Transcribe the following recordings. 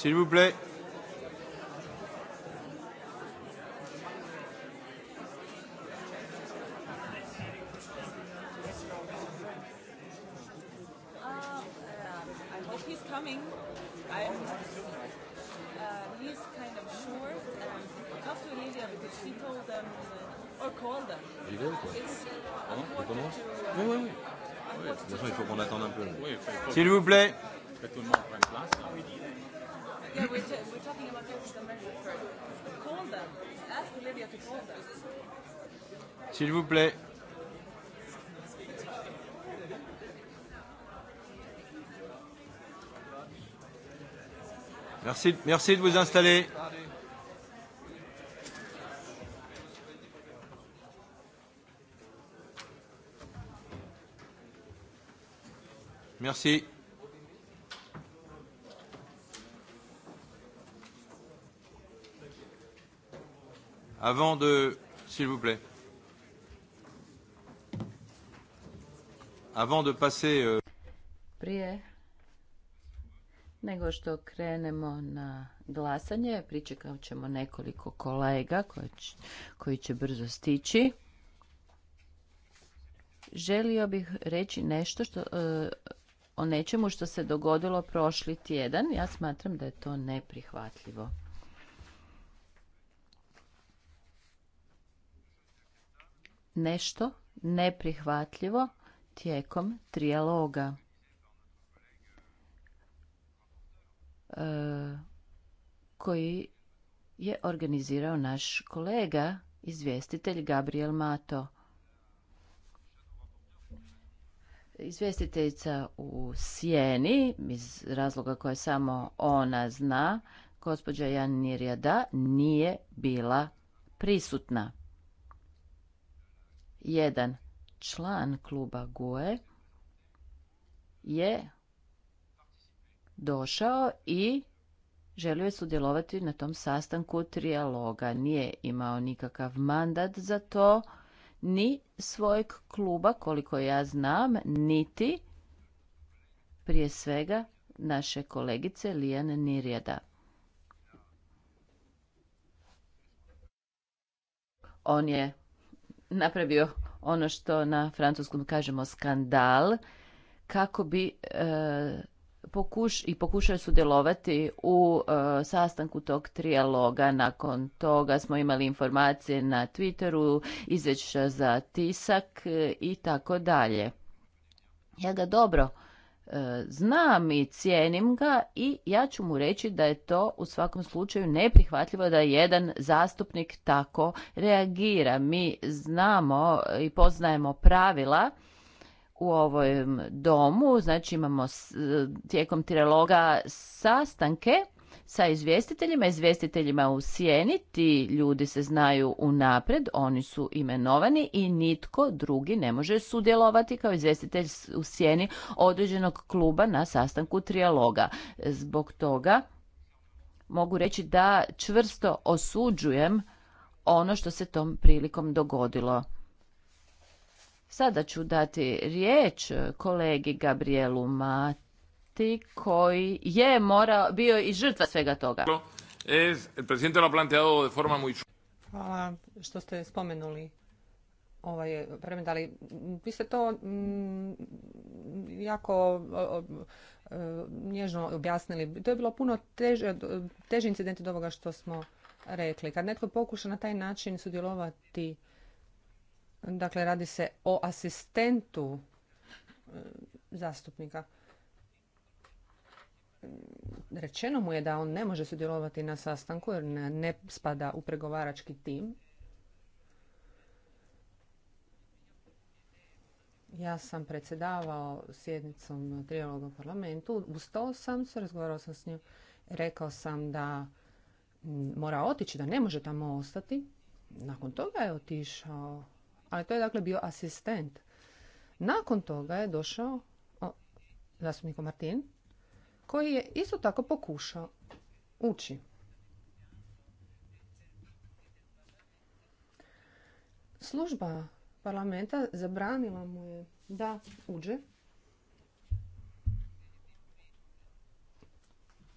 S'il vous plaît. Merci, merci de vous installer. Merci. Avant de, s'il vous plaît, avant de passer. Euh... nego što krenemo na glasanje, pričekat ćemo nekoliko kolega koji će, koji će brzo stići. Želio bih reći nešto što, e, o nečemu što se dogodilo prošli tjedan. Ja smatram da je to neprihvatljivo. Nešto neprihvatljivo tijekom trijaloga. E, koji je organizirao naš kolega, izvjestitelj Gabriel Mato. Izvjestiteljica u Sjeni, iz razloga koje samo ona zna, gospođa Jan nije bila prisutna. Jedan član kluba GUE je došao i želio je sudjelovati na tom sastanku trijaloga. Nije imao nikakav mandat za to, ni svojeg kluba, koliko ja znam, niti prije svega naše kolegice Lijane Nirjeda. On je napravio ono što na francuskom kažemo skandal kako bi e, pokuš, i pokušaju sudjelovati u e, sastanku tog trijaloga. Nakon toga smo imali informacije na Twitteru, izveća za tisak e, i tako dalje. Ja ga dobro e, znam i cijenim ga i ja ću mu reći da je to u svakom slučaju neprihvatljivo da jedan zastupnik tako reagira. Mi znamo i poznajemo pravila u ovom domu, znači imamo tijekom triloga sastanke sa izvjestiteljima, izvjestiteljima u sjeni, ti ljudi se znaju unapred, oni su imenovani i nitko drugi ne može sudjelovati kao izvjestitelj u sjeni određenog kluba na sastanku trijaloga. Zbog toga mogu reći da čvrsto osuđujem ono što se tom prilikom dogodilo. Sada ću dati riječ e, kolegi Gabrielu Mati koji je morao, bio i žrtva svega toga. Hvala što ste spomenuli ovaj vremen, ali vi ste to mm, jako e, nježno objasnili. To je bilo puno teže, teži incident od ovoga što smo rekli. Kad netko pokuša na taj način sudjelovati Dakle, radi se o asistentu e, zastupnika. Rečeno mu je da on ne može sudjelovati na sastanku jer ne spada u pregovarački tim. Ja sam predsjedavao sjednicom trijaloga u parlamentu. Ustao sam se, razgovarao sam s njim. Rekao sam da mora otići, da ne može tamo ostati. Nakon toga je otišao ali to je dakle bio asistent. Nakon toga je došao o, zastupnik Martin, koji je isto tako pokušao ući. Služba parlamenta zabranila mu je da uđe.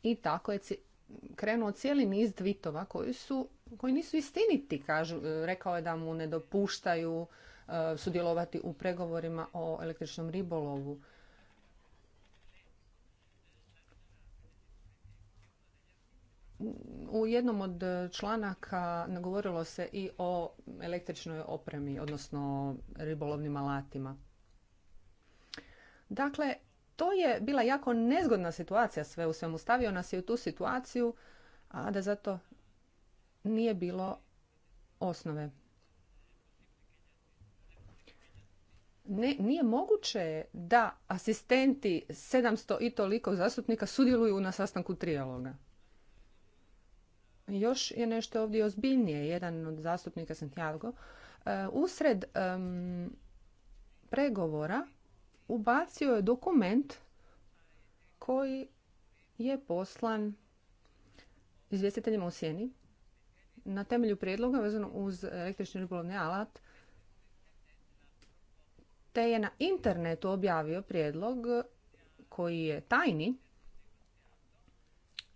I tako je krenuo cijeli niz tvitova koji su koji nisu istiniti, kažu, e, rekao je da mu ne dopuštaju e, sudjelovati u pregovorima o električnom ribolovu. U jednom od članaka nagovorilo se i o električnoj opremi, odnosno ribolovnim alatima. Dakle, to je bila jako nezgodna situacija sve u svemu. Stavio nas je u tu situaciju, a da zato nije bilo osnove. Ne, nije moguće da asistenti 700 i toliko zastupnika sudjeluju na sastanku trijaloga. Još je nešto ovdje ozbiljnije. Jedan od zastupnika Santiago e, usred pregovora ubacio je dokument koji je poslan izvjestiteljima u sjeni na temelju prijedloga vezano uz električni ribolovni alat, te je na internetu objavio prijedlog koji je tajni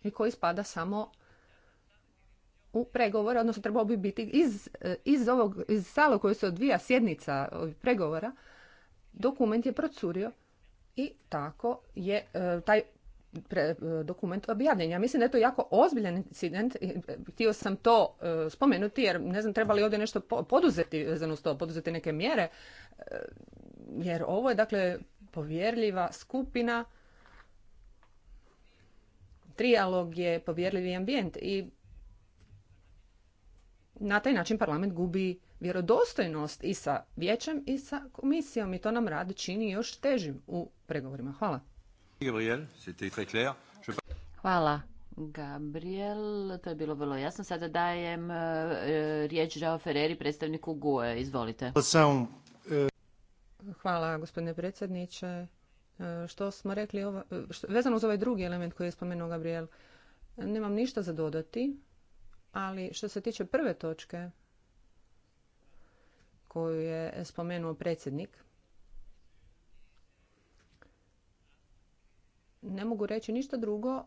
i koji spada samo u pregovore, odnosno trebao bi biti iz, iz ovog, iz sala koji se odvija sjednica pregovora, dokument je procurio i tako je e, taj E, dokument objavljen. Ja mislim da je to jako ozbiljan incident. E, htio sam to e, spomenuti jer ne znam treba li ovdje nešto poduzeti vezano to, poduzeti neke mjere. Jer ovo je dakle povjerljiva skupina. Trijalog je povjerljivi ambijent i na taj način parlament gubi vjerodostojnost i sa vijećem i sa komisijom i to nam rad čini još težim u pregovorima. Hvala. Hvala. Gabriel, to je bilo vrlo jasno. Sada dajem e, riječ Žao Ferreri, predstavniku GUE. Izvolite. E, hvala gospodine predsjedniče. E, što smo rekli, vezano uz ovaj drugi element koji je spomenuo Gabriel, nemam ništa za dodati, ali što se tiče prve točke koju je spomenuo predsjednik, ne mogu reći ništa drugo,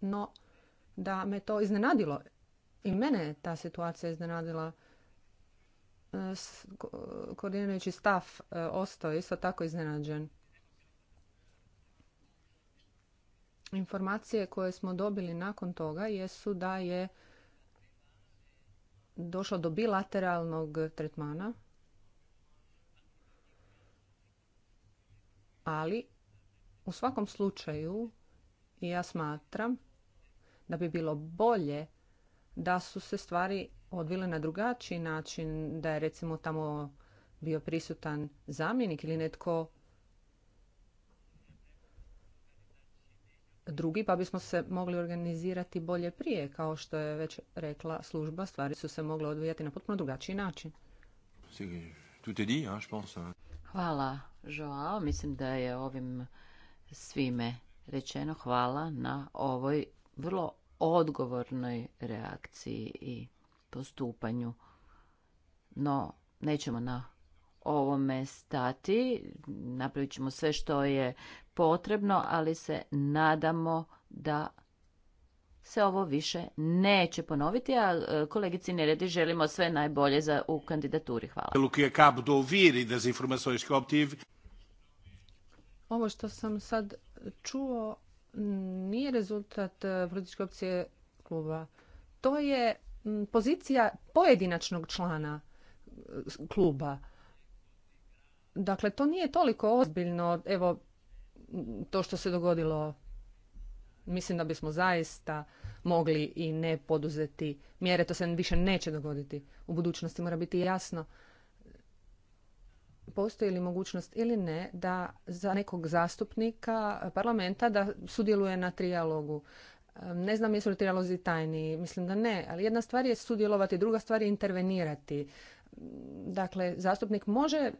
no da me to iznenadilo. I mene je ta situacija iznenadila. E, koordinirajući stav e, ostao isto tako iznenađen. Informacije koje smo dobili nakon toga jesu da je došlo do bilateralnog tretmana, ali u svakom slučaju, ja smatram da bi bilo bolje da su se stvari odvile na drugačiji način, da je recimo tamo bio prisutan zamjenik ili netko drugi, pa bismo se mogli organizirati bolje prije. Kao što je već rekla služba, stvari su se mogle odvijati na potpuno drugačiji način. Hvala, Joao. Mislim da je ovim svime rečeno hvala na ovoj vrlo odgovornoj reakciji i postupanju. No, nećemo na ovome stati, napravit ćemo sve što je potrebno, ali se nadamo da se ovo više neće ponoviti, a e, kolegici Neredi želimo sve najbolje za, u kandidaturi. Hvala. Ovo što sam sad čuo nije rezultat e, političke opcije kluba. To je pozicija pojedinačnog člana e, kluba. Dakle, to nije toliko ozbiljno. Evo, to što se dogodilo, mislim da bismo zaista mogli i ne poduzeti mjere. To se više neće dogoditi. U budućnosti mora biti jasno postoji li mogućnost ili ne da za nekog zastupnika parlamenta da sudjeluje na trijalogu. Ne znam jesu li trijalozi tajni, mislim da ne, ali jedna stvar je sudjelovati, druga stvar je intervenirati. Dakle, zastupnik može,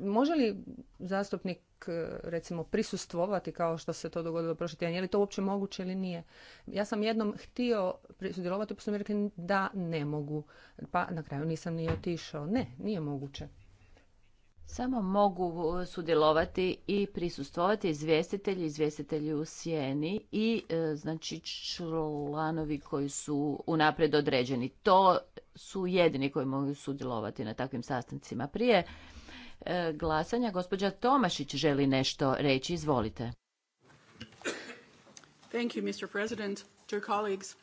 može li zastupnik e, recimo prisustvovati kao što se to dogodilo prošli tjedan, je li to uopće moguće ili nije? Ja sam jednom htio sudjelovati, pa rekli da ne mogu, pa na kraju nisam ni otišao. Ne, nije moguće. Samo mogu e, sudjelovati i prisustvovati izvjestitelji, izvjestitelji u sjeni i e, znači članovi koji su unaprijed određeni. To su jedini koji mogu sudjelovati na takvim sastancima. Prije e, glasanja gospođa Tomašić želi nešto reći. Izvolite. Thank you, Mr. President. Dear colleagues.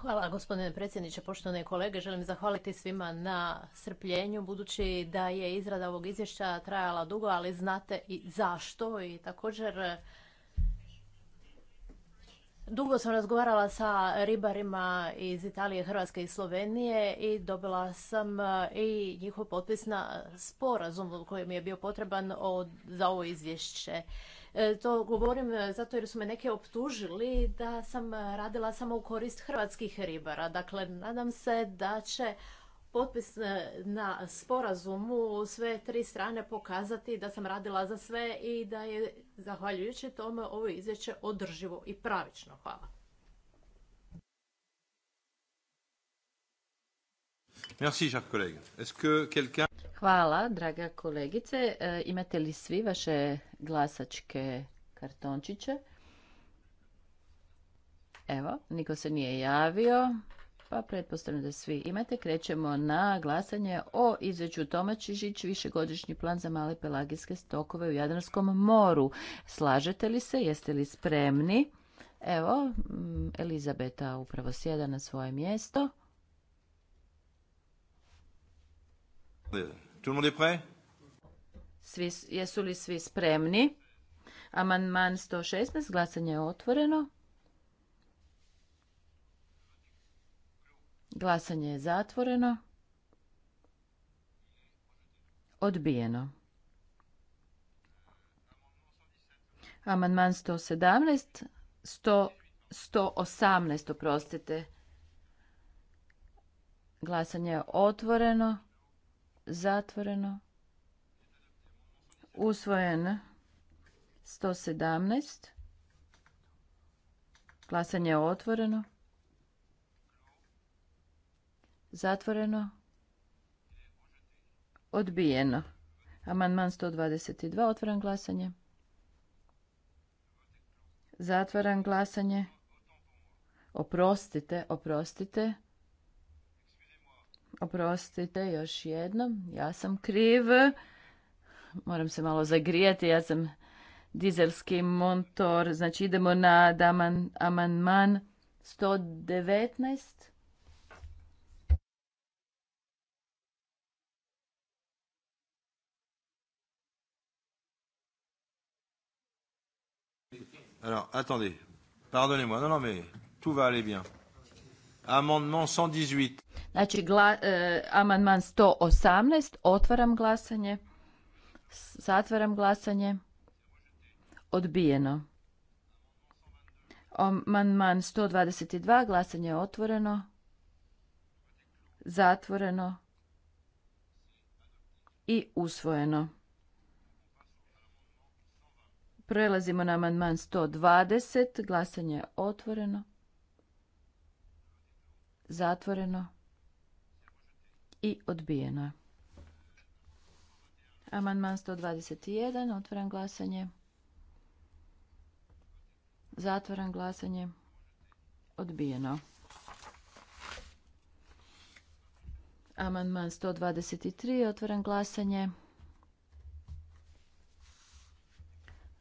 Hvala gospodine predsjedniče, poštovane kolege. Želim zahvaliti svima na strpljenju, budući da je izrada ovog izvješća trajala dugo, ali znate i zašto. I također Dugo sam razgovarala sa ribarima iz Italije, Hrvatske i Slovenije i dobila sam e, i njihov potpis na sporazum koji mi je bio potreban od, za ovo izvješće. E, to govorim e, zato jer su me neke optužili da sam radila samo u korist hrvatskih ribara. Dakle, nadam se da će potpis e, na sporazumu sve tri strane pokazati da sam radila za sve i da je zahvaljujući tome ovo izvješće održivo i pravično. Hvala. Hvala, draga kolegice. E, imate li svi vaše glasačke kartončiće? Evo, niko se nije javio. Pa pretpostavljam da svi imate. Krećemo na glasanje o izveću Tomačižić, višegodišnji plan za male pelagijske stokove u Jadranskom moru. Slažete li se? Jeste li spremni? Evo, mm, Elizabeta upravo sjeda na svoje mjesto. jesu li svi spremni? Amandman 116, glasanje je otvoreno. Glasanje je zatvoreno. Odbijeno. Amandman 117, 118, oprostite. Glasanje je otvoreno, zatvoreno, usvojen 117. Glasanje je otvoreno, Zatvoreno. Odbijeno. Amandman 122. Otvoran glasanje. Zatvaram glasanje. Oprostite, oprostite. Oprostite još jednom. Ja sam kriv. Moram se malo zagrijati. Ja sam dizelski montor. Znači idemo na amandman 119. Alors, attendez. Pardonnez-moi. Non, non, mais tout va aller bien. Amendement 118. Znači, gla, euh, amandman 118. Otvaram glasanje. Zatvaram glasanje. Odbijeno. Amandman 122. Glasanje je otvoreno. Zatvoreno. I usvojeno. Prelazimo na amandman 120. Glasanje je otvoreno. Zatvoreno. I odbijeno. Amandman 121. otvoran glasanje. zatvoran glasanje. Odbijeno. Amandman 123. Otvoren glasanje.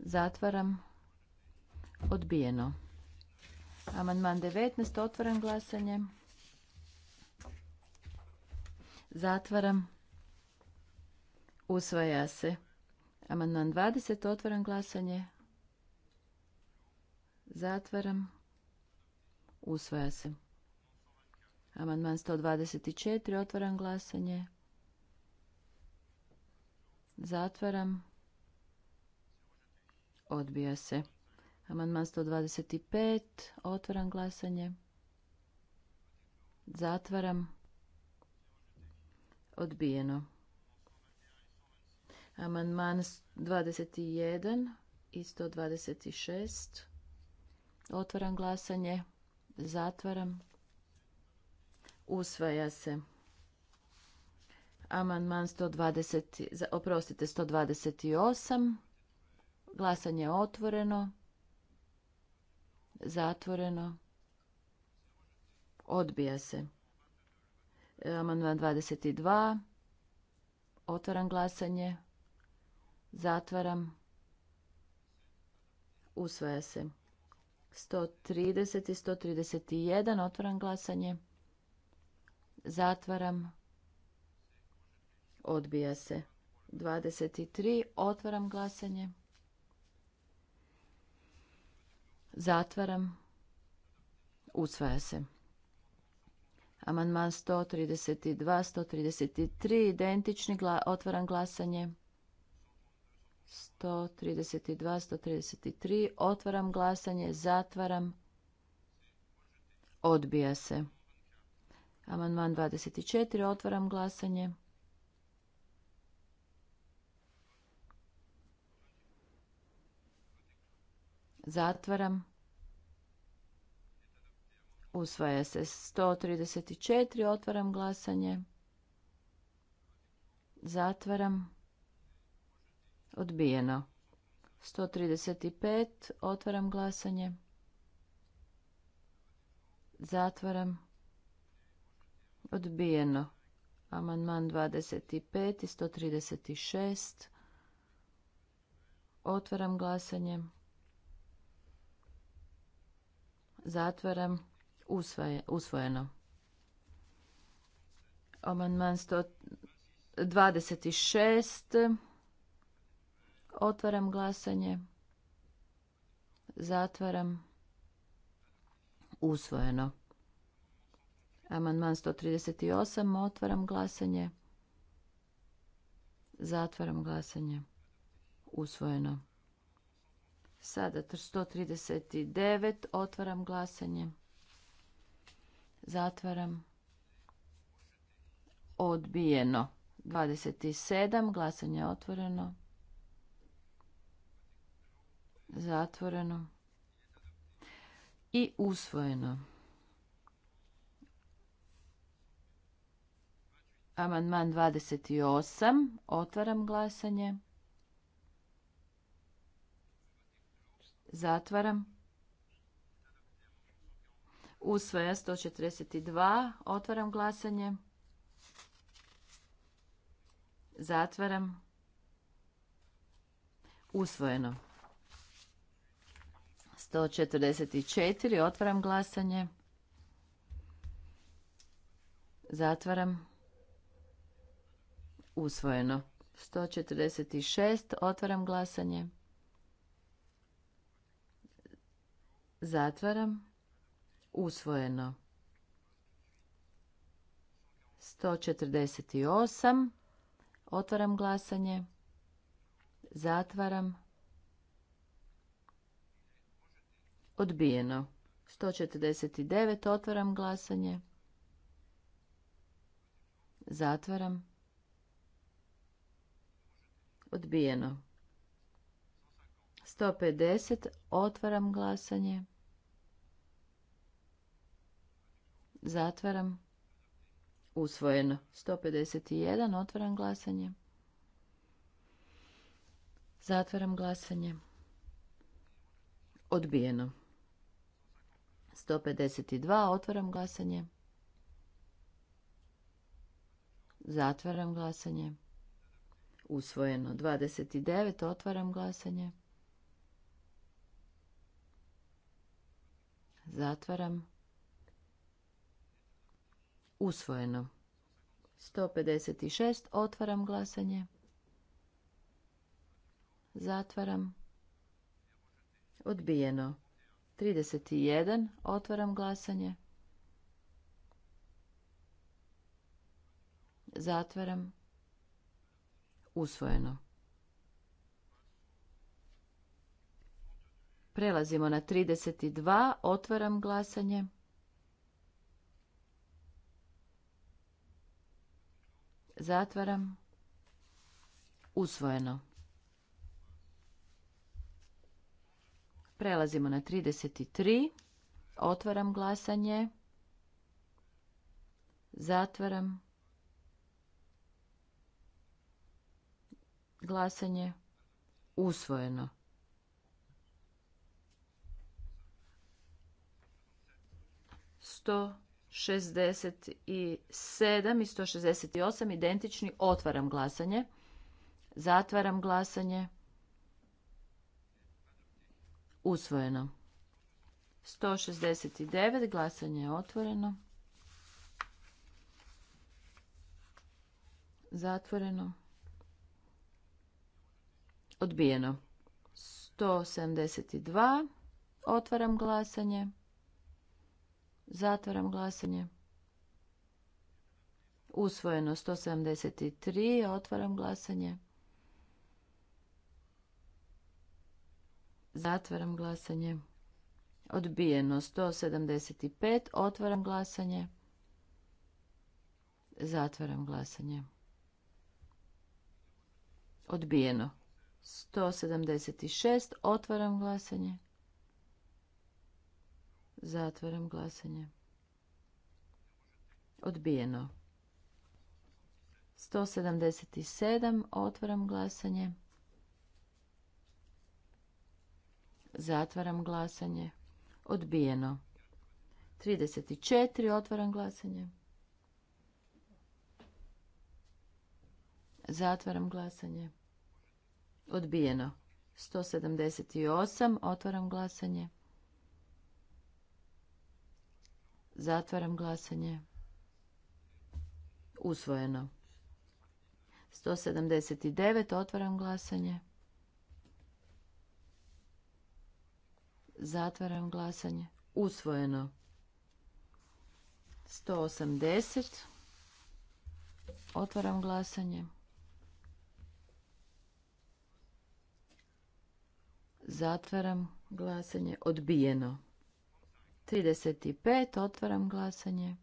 Zatvaram. Odbijeno. Amandman 19. Otvaram glasanje. Zatvaram. Usvaja se. Amandman 20. Otvaram glasanje. Zatvaram. Usvaja se. Amandman 124. Otvaram glasanje. Zatvaram odbija se. Amandman 125, otvaram glasanje. Zatvaram. Odbijeno. Amandman 21 i 126. Otvaram glasanje. Zatvaram. Usvaja se. Amandman 120, oprostite, 128. Glasanje je otvoreno. Zatvoreno. Odbija se. E, amandman 22. Otvaram glasanje. Zatvaram. Usvaja se. 130 i 131. Otvaram glasanje. Zatvaram. Odbija se. 23. Otvaram glasanje. Zatvaram. Usvaja se. Amandman 132, 133, identični, otvaram glasanje. 132, 133, otvaram glasanje, zatvaram. Odbija se. Amandman 24, otvaram glasanje. Zatvaram. Usvaja se 134. Otvaram glasanje. Zatvaram. Odbijeno. 135. Otvaram glasanje. Zatvaram. Odbijeno. Amandman 25 i 136. Otvaram glasanje. Zatvaram. Usvojeno. Amandman 126. Otvaram glasanje. Zatvaram. Usvojeno. Amandman 138. Otvaram glasanje. Zatvaram glasanje. Usvojeno. Sada 139. Otvaram glasanje. Zatvaram. Odbijeno. 27. Glasanje otvoreno. Zatvoreno. I usvojeno. Amandman 28. Otvaram glasanje. Zatvaram. Usvaja 142. Otvaram glasanje. Zatvaram. Usvojeno. 144. Otvaram glasanje. Zatvaram. Usvojeno. 146. Otvaram glasanje. Zatvaram. Usvojeno. 148. Otvaram glasanje. Zatvaram. Odbijeno. 149. Otvaram glasanje. Zatvaram. Odbijeno. 150. Otvaram glasanje. Zatvaram. Usvojeno. 151. Otvaram glasanje. Zatvaram glasanje. Odbijeno. 152. Otvaram glasanje. Zatvaram glasanje. Usvojeno. 29. Otvaram glasanje. Zatvaram. Usvojeno. 156. Otvaram glasanje. Zatvaram. Odbijeno. 31. Otvaram glasanje. Zatvaram. Usvojeno. Prelazimo na 32. Otvaram glasanje. Zatvaram. Usvojeno. Prelazimo na 33. Otvaram glasanje. Zatvaram. Glasanje. Usvojeno. Sto 67 i 168 identični. Otvaram glasanje. Zatvaram glasanje. Usvojeno. 169. Glasanje je otvoreno. Zatvoreno. Odbijeno. 172. Otvaram glasanje. Zatvaram glasanje. Usvojeno 173. Otvaram glasanje. Zatvaram glasanje. Odbijeno 175. Otvaram glasanje. Zatvaram glasanje. Odbijeno 176. Otvaram glasanje. Zatvaram glasanje. Odbijeno. 177. Otvaram glasanje. Zatvaram glasanje. Odbijeno. 34. Otvaram glasanje. Zatvaram glasanje. Odbijeno. 178. Otvaram glasanje. Zatvaram glasanje. Usvojeno. 179. Otvaram glasanje. Zatvaram glasanje. Usvojeno. 180. Otvaram glasanje. Zatvaram glasanje. Odbijeno. 35. Otvaram glasanje.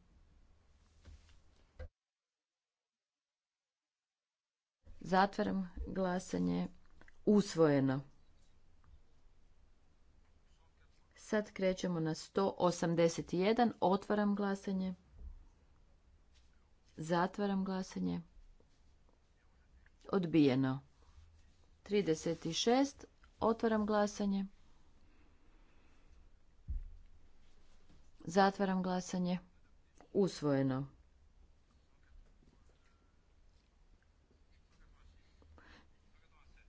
Zatvaram glasanje. Usvojeno. Sad krećemo na 181. Otvaram glasanje. Zatvaram glasanje. Odbijeno. 36. Otvaram glasanje. Zatvaram glasanje. Usvojeno.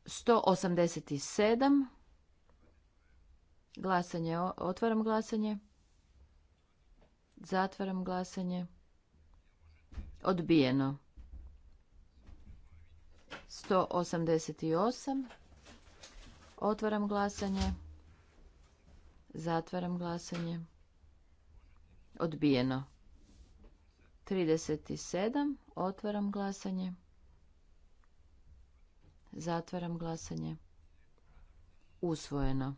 Sto osamdeset sedam. Glasanje, otvaram glasanje. Zatvaram glasanje. Odbijeno. 188. Otvaram glasanje. Zatvaram glasanje. Odbijeno. 37. Otvaram glasanje. Zatvaram glasanje. Usvojeno.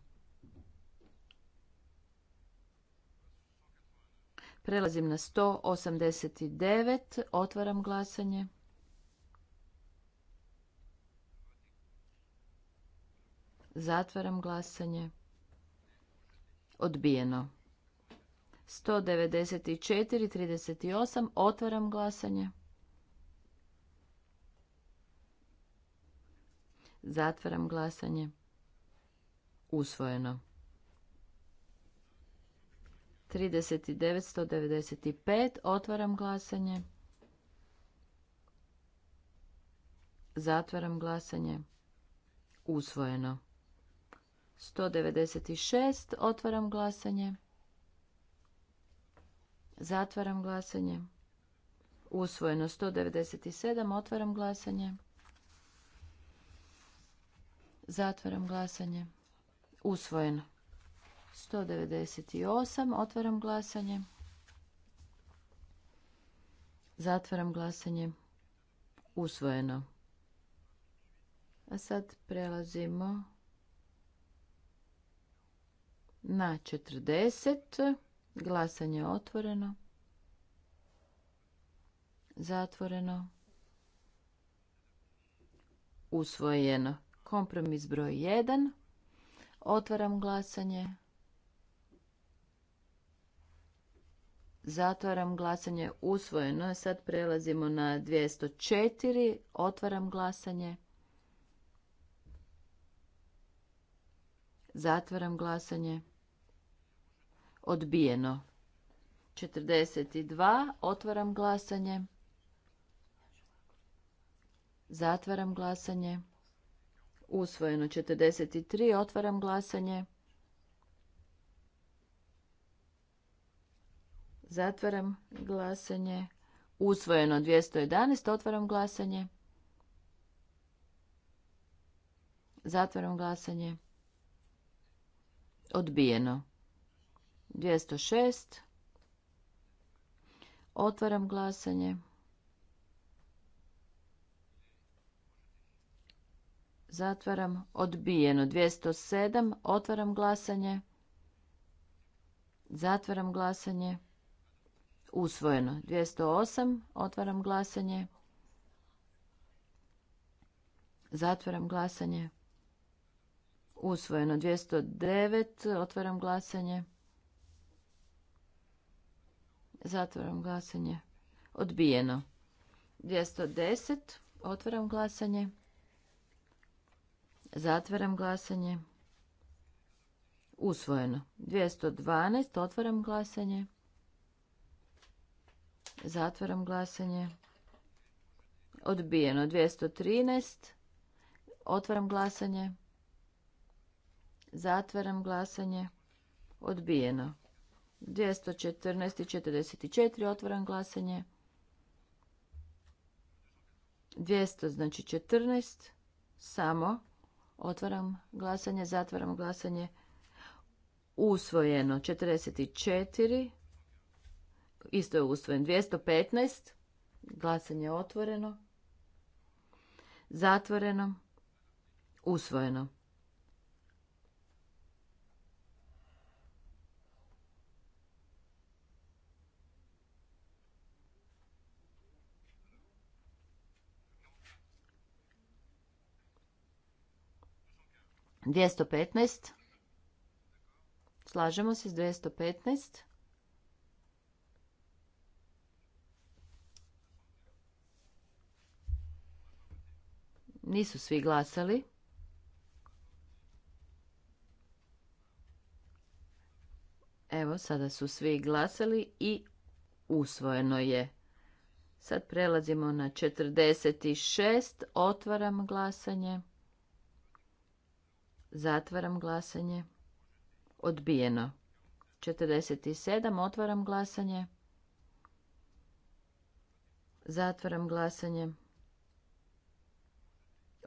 Prelazim na 189. Otvaram glasanje. Zatvaram glasanje. Odbijeno. 194, 38. Otvaram glasanje. Zatvaram glasanje. Usvojeno. 39, 195. Otvaram glasanje. Zatvaram glasanje. Usvojeno. 196. Otvaram glasanje. Zatvaram glasanje. Usvojeno 197. Otvaram glasanje. Zatvaram glasanje. Usvojeno. 198. Otvaram glasanje. Zatvaram glasanje. Usvojeno. A sad prelazimo na 40. Glasanje otvoreno. Zatvoreno. Usvojeno. Kompromis broj 1. Otvaram glasanje. Zatvaram glasanje. Usvojeno. Sad prelazimo na 204. Otvaram glasanje. Zatvaram glasanje. Odbijeno. 42. Otvaram glasanje. Zatvaram glasanje. Usvojeno 43. Otvaram glasanje. Zatvaram glasanje. Usvojeno 211. Otvaram glasanje. Zatvaram glasanje. Odbijeno. 206. Otvaram glasanje. Zatvaram. Odbijeno. 207. Otvaram glasanje. Zatvaram glasanje. Usvojeno. 208. Otvaram glasanje. Zatvaram glasanje. Usvojeno. 209. Otvaram glasanje. Zatvaram glasanje. Odbijeno. 210. Otvaram glasanje. Zatvaram glasanje. Usvojeno. 212. Otvaram glasanje. Zatvaram glasanje. Odbijeno. 213. Otvaram glasanje. Zatvaram glasanje. Odbijeno. 214 i 44 otvoram glasanje. 200 znači 14 samo otvaram glasanje, zatvaram glasanje. Usvojeno 44 isto je usvojen 215 glasanje otvoreno zatvoreno usvojeno 215. Slažemo se s 215. Nisu svi glasali. Evo, sada su svi glasali i usvojeno je. Sad prelazimo na 46. Otvaram glasanje. Zatvaram glasanje. Odbijeno. 47. Otvaram glasanje. Zatvaram glasanje.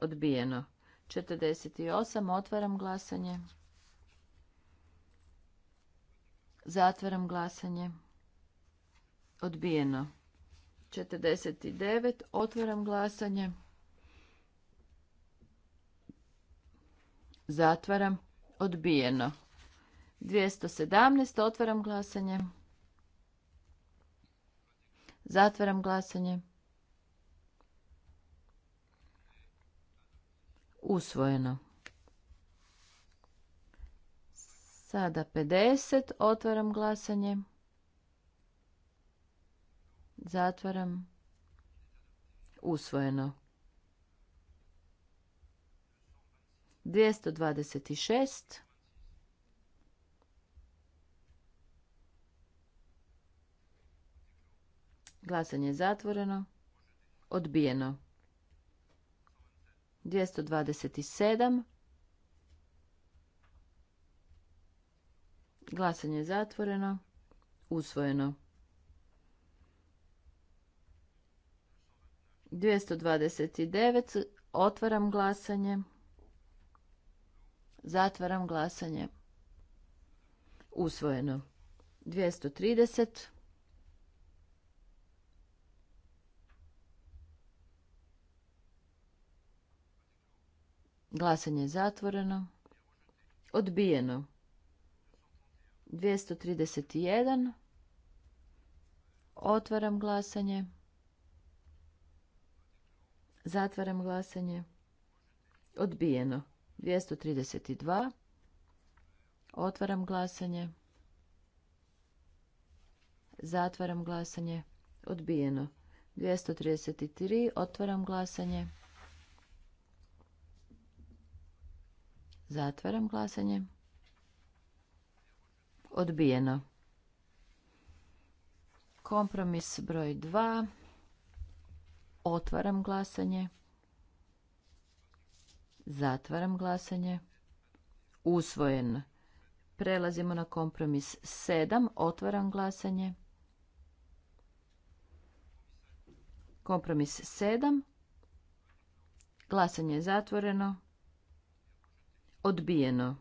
Odbijeno. 48. Otvaram glasanje. Zatvaram glasanje. Odbijeno. 49. Otvaram glasanje. Zatvaram. Odbijeno. 217. Otvaram glasanje. Zatvaram glasanje. Usvojeno. Sada 50. Otvaram glasanje. Zatvaram. Usvojeno. 226. Glasanje je zatvoreno. Odbijeno. 227. Glasanje je zatvoreno. Usvojeno. 229. Otvaram glasanje. Zatvaram glasanje. Usvojeno. 230. Glasanje je zatvoreno. Odbijeno. 231. Otvaram glasanje. Zatvaram glasanje. Odbijeno. 232. Otvaram glasanje. Zatvaram glasanje. Odbijeno. 233. Otvaram glasanje. Zatvaram glasanje. Odbijeno. Kompromis broj 2. Otvaram glasanje. Zatvaram glasanje. Usvojen. Prelazimo na kompromis 7. Otvaram glasanje. Kompromis 7. Glasanje je zatvoreno. Odbijeno.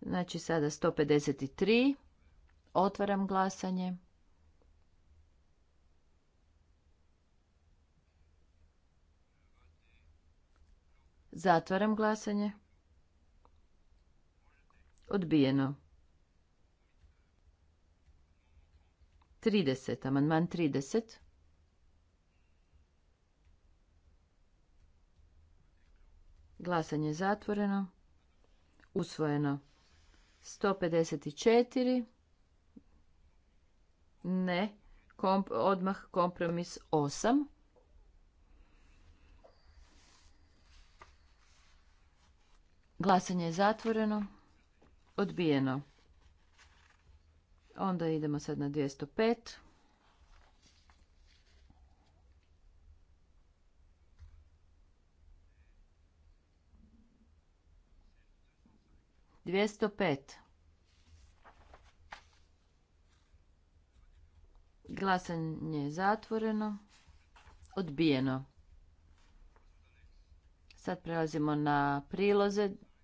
Znači sada 153. Otvaram glasanje. Zatvaram glasanje. Odbijeno. 30. Amandman 30. Glasanje je zatvoreno. Usvojeno. 154. Ne. odmah kompromis 8. Glasanje je zatvoreno. Odbijeno. Onda idemo sad na 205. 205. pet. Glasanje je zatvoreno. Odbijeno. Sad prelazimo na priloze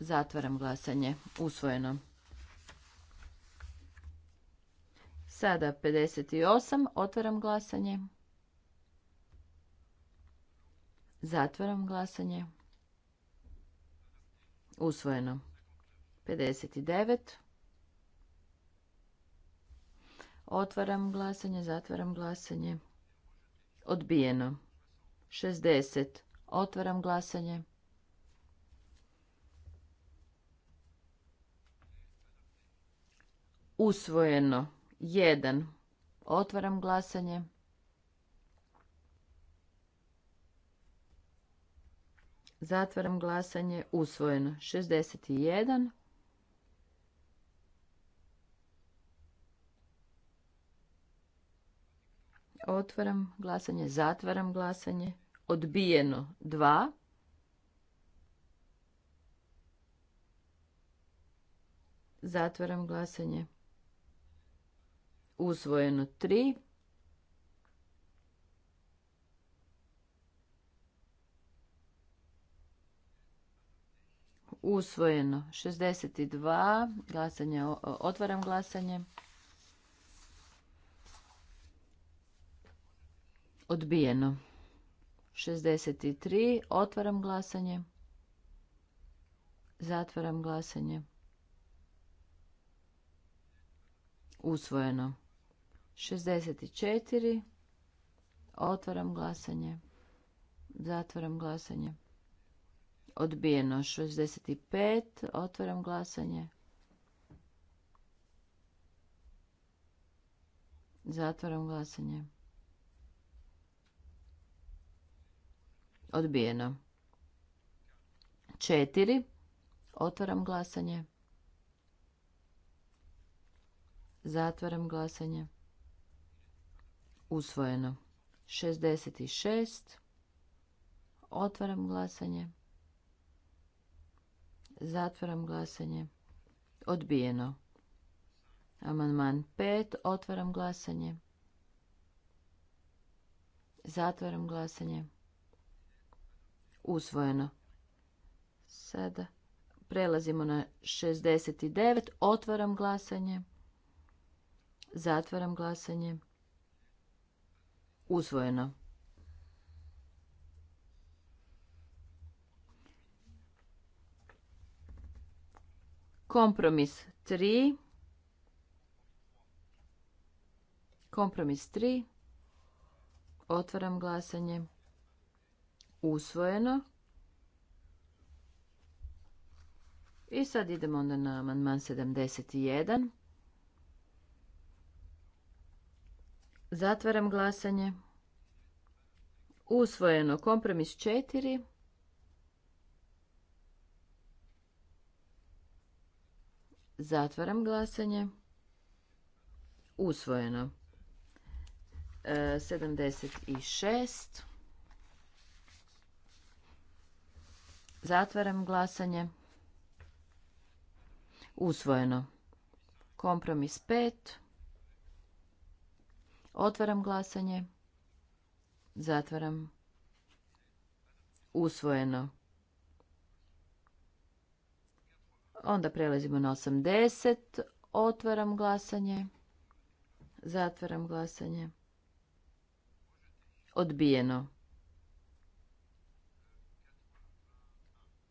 Zatvaram glasanje. Usvojeno. Sada 58. Otvaram glasanje. Zatvaram glasanje. Usvojeno. 59. Otvaram glasanje, zatvaram glasanje. Odbijeno. 60. Otvaram glasanje. usvojeno. 1. Otvaram glasanje. Zatvaram glasanje. Usvojeno. 61. Otvaram glasanje. Zatvaram glasanje. Odbijeno. 2. Zatvaram glasanje. Usvojeno 3. Usvojeno 62. Glasanje, otvaram glasanje. Odbijeno. 63. Otvaram glasanje. Zatvaram glasanje. Usvojeno. 64. Otvaram glasanje. Zatvaram glasanje. Odbijeno 65. Otvaram glasanje. Zatvaram glasanje. Odbijeno. 4. Otvaram glasanje. Zatvaram glasanje usvojeno. 66. Otvaram glasanje. Zatvaram glasanje. Odbijeno. Amandman 5. Otvaram glasanje. Zatvaram glasanje. Usvojeno. Sada prelazimo na 69. Otvaram glasanje. Zatvaram glasanje. Usvojeno. Kompromis 3. Kompromis 3. Otvaram glasanje. Usvojeno. I sad idemo onda na amandman 71. Zatvaram glasanje. Usvojeno kompromis 4. Zatvaram glasanje. Usvojeno. 76. E, Zatvaram glasanje. Usvojeno. Kompromis 5. Otvaram glasanje. Zatvaram. Usvojeno. Onda prelazimo na 80. Otvaram glasanje. Zatvaram glasanje. Odbijeno.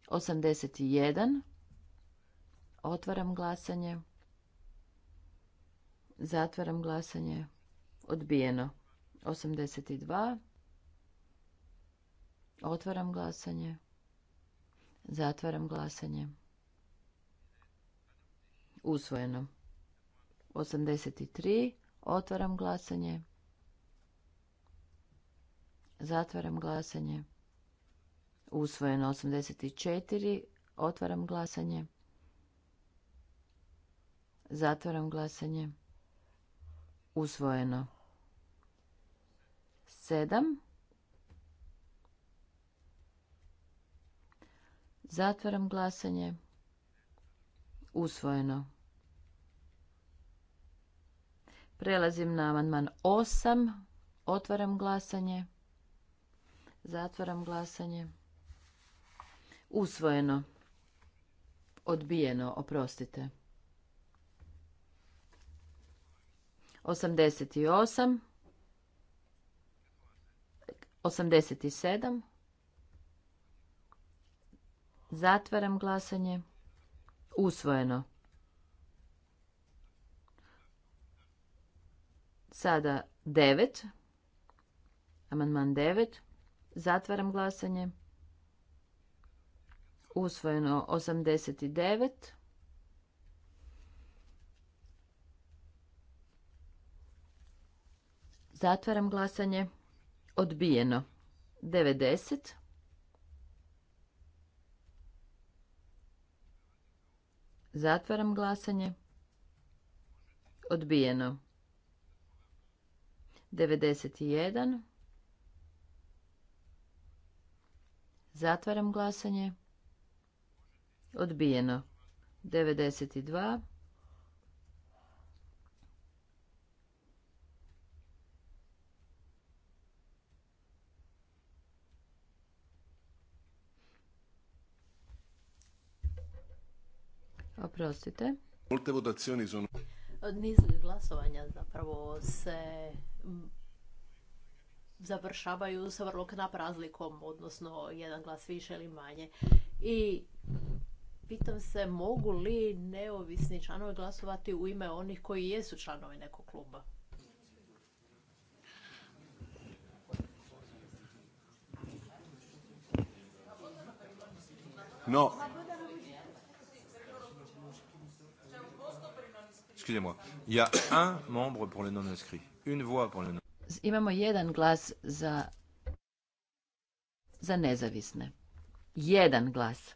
81. Otvaram glasanje. Zatvaram glasanje. Odbijeno. 82. Otvaram glasanje. Zatvaram glasanje. Usvojeno. 83. Otvaram glasanje. Zatvaram glasanje. Usvojeno 84. Otvaram glasanje. Zatvaram glasanje. Usvojeno. 7. Zatvaram glasanje. Usvojeno. Prelazim na amandman 8. Otvaram glasanje. Zatvaram glasanje. Usvojeno. Odbijeno, oprostite. 88. 87. Zatvaram glasanje. Usvojeno. Sada 9. Amandman 9. Zatvaram glasanje. Usvojeno 89. Zatvaram glasanje. Odbijeno. 90. Zatvaram glasanje. Odbijeno. 91. Zatvaram glasanje. Odbijeno. 92. Oprostite. Molte votazioni sono... Niz glasovanja zapravo se završavaju sa vrlo knap razlikom, odnosno jedan glas više ili manje. I pitam se mogu li neovisni članovi glasovati u ime onih koji jesu članovi nekog kluba? No, Excusez-moi. Il y a un membre pour le non-inscrit. Une voix pour le non Imamo jedan glas za, za nezavisne. Jedan glas.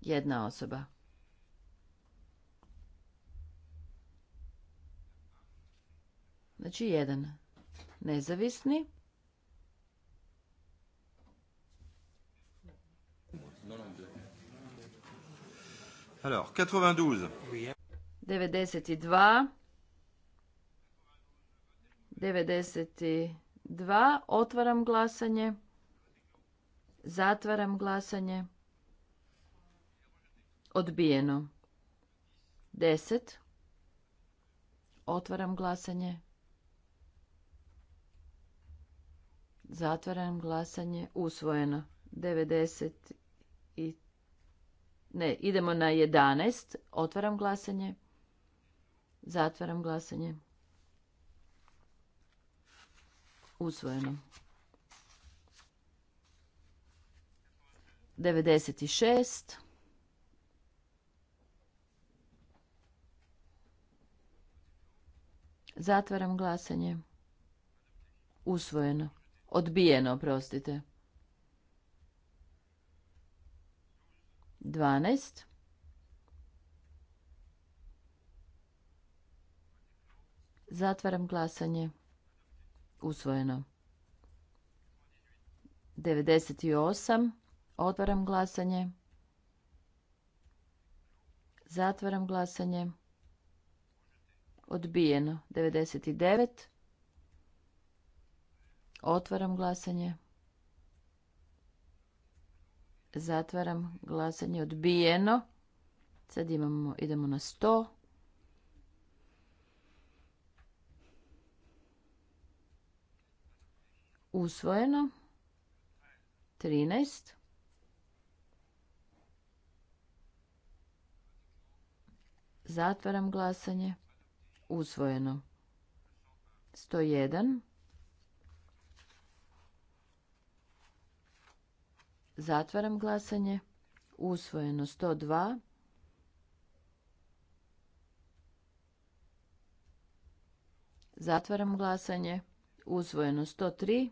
Jedna osoba. Znači jedan nezavisni. Alors, 92. 92. 92. Otvaram glasanje. Zatvaram glasanje. Odbijeno. 10. Otvaram glasanje. Zatvaram glasanje. Usvojeno. 90 i... Ne, idemo na 11. Otvaram glasanje. Zatvaram glasanje. Usvojeno. 96. Zatvaram glasanje. Usvojeno. Odbijeno, prostite. 12. Zatvaram glasanje. Usvojeno. 98. Otvaram glasanje. Zatvaram glasanje. Odbijeno. 99. Otvaram glasanje. Zatvaram glasanje. Odbijeno. Sad imamo, idemo na 100. usvojeno 13 zatvaram glasanje usvojeno 101 zatvaram glasanje usvojeno 102 zatvaram glasanje usvojeno 103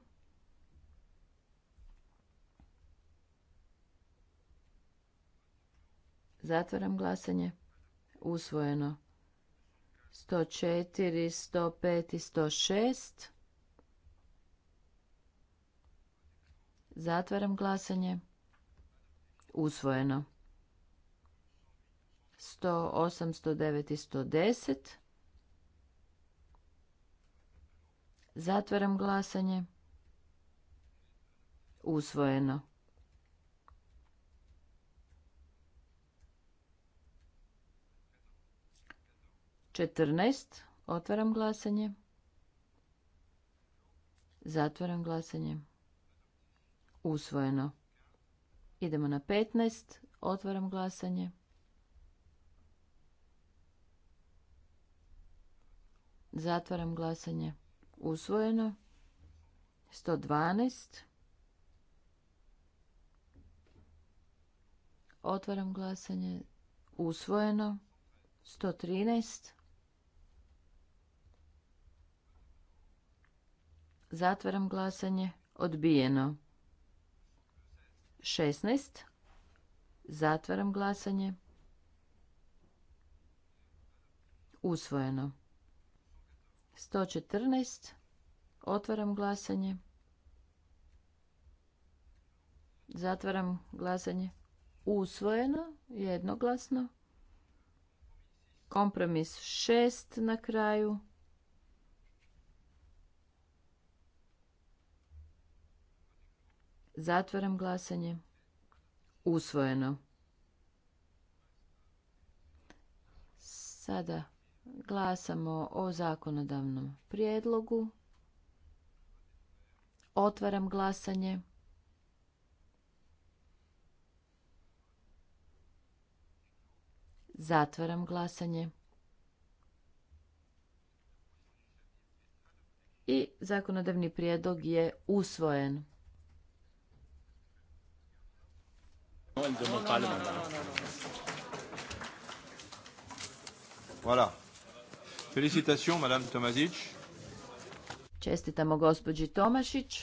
Zatvaram glasanje. Usvojeno. 104, 105 i 106. Zatvaram glasanje. Usvojeno. 108, 109 i 110. Zatvaram glasanje. Usvojeno. 14. Otvaram glasanje. Zatvaram glasanje. Usvojeno. Idemo na 15. Otvaram glasanje. Zatvaram glasanje. Usvojeno. 112. Otvaram glasanje. Usvojeno. 113. Zatvaram glasanje. Odbijeno. 16. Zatvaram glasanje. Usvojeno. 114. Otvaram glasanje. Zatvaram glasanje. Usvojeno. Jednoglasno. Kompromis 6 na kraju. Zatvaram glasanje. Usvojeno. Sada glasamo o zakonodavnom prijedlogu. Otvaram glasanje. Zatvaram glasanje. I zakonodavni prijedlog je usvojen. Voilà. Félicitations, Madame Tomasic. Čestitamo gospođi Tomašić.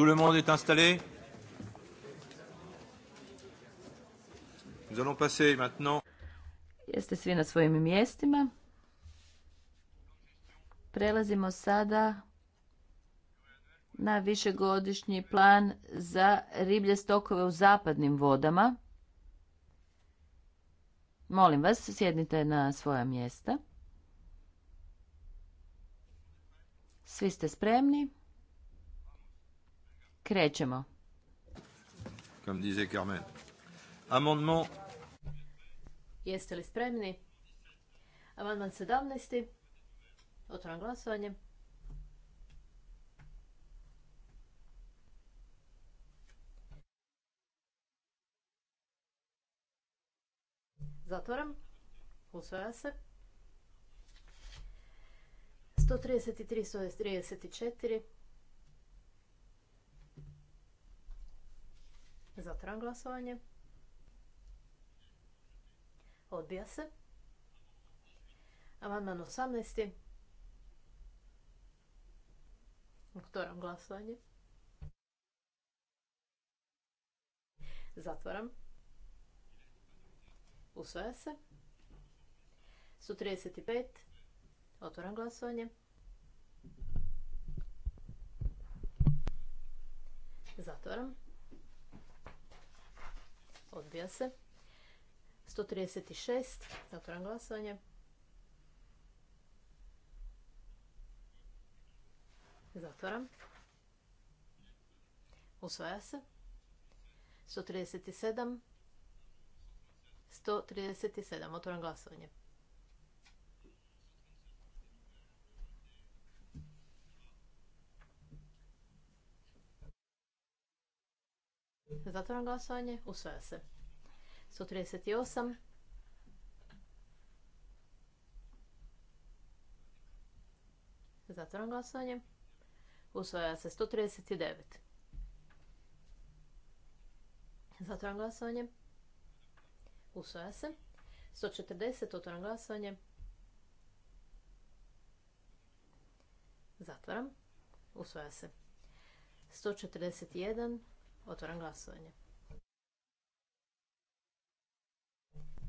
Tout le monde est installé Nous Jeste svi na svojim mjestima. Prelazimo sada na višegodišnji plan za riblje stokove u zapadnim vodama. Molim vas, sjednite na svoja mjesta. Svi ste spremni? Krećemo. Comme disait Carmen. Amendement. Jeste li spremni? Amandman 17. Otvoram glasovanje. Zatvoram. Usvaja se. 133, 134. Zatvaram glasovanje. Odbija se. Amandman 18. Otvaram glasovanje. Zatvaram. Usvaja se. Su 35. Otvaram glasovanje. Zatvaram. Odbija se. 136. Otvoram glasovanje. Zatvoram. Usvaja se. 137. 137. Otvoram glasovanje. Zatvoram glasovanje. Usvaja se. 138. Zatvoram glasovanje. Usvaja se 139. Zatvoram glasovanje. Usvaja se. 140. Otvoram glasovanje. Zatvoram. Usvaja se. 141. Otvaram glasovanje.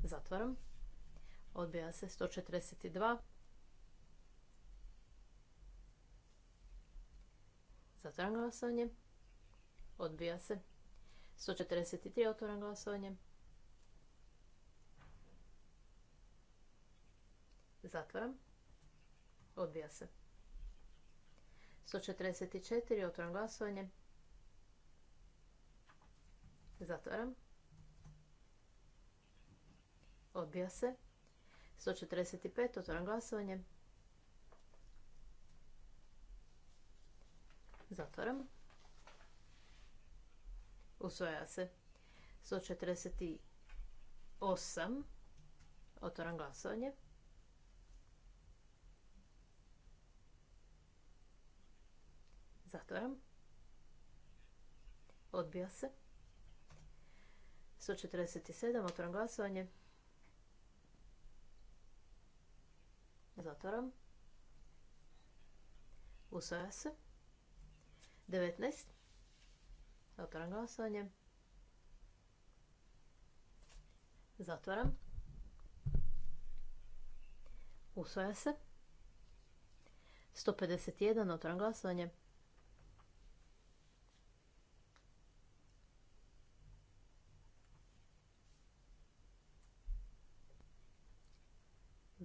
Zatvaram. Odbija se 142. Zatvaram glasovanje. Odbija se. 143. Otvaram glasovanje. Zatvaram. Odbija se. 144. Otvaram glasovanje. Zatvaram. Odbija se. 145. Otvoram glasovanje. Zatvaram. Usvaja se. 148. Otvoram glasovanje. Zatvaram. Odbija se. 147. Otvoram glasovanje. Zatvoram. Usvaja se. 19. Otvoram glasovanje. Zatvoram. Usvaja se. 151. Otvoram glasovanje.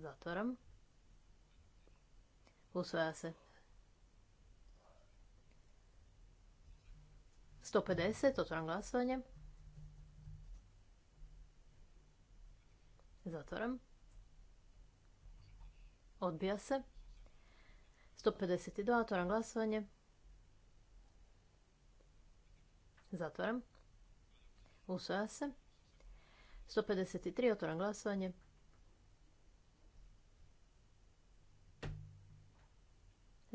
Zatvaram. Usvaja se. 150, otvaram glasovanje. Zatvaram. Odbija se. 152, otvaram glasovanje. Zatvaram. Usvaja se. 153, otvaram glasovanje.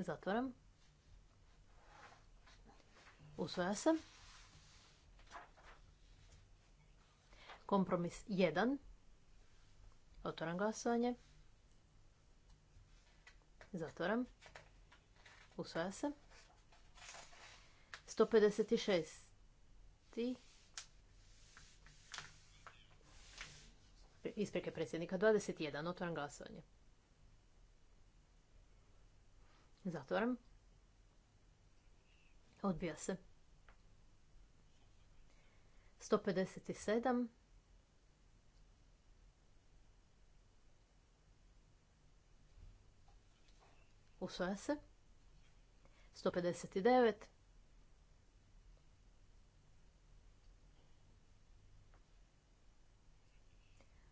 Zatvaram. Usvoja se. Kompromis 1. Otvoram glasovanje. Zatvaram. Usvoja se. 156. Isprike predsjednika 21. Otvoram glasovanje. Zatvorem. Odbija se. 157. Usvaja se. 159.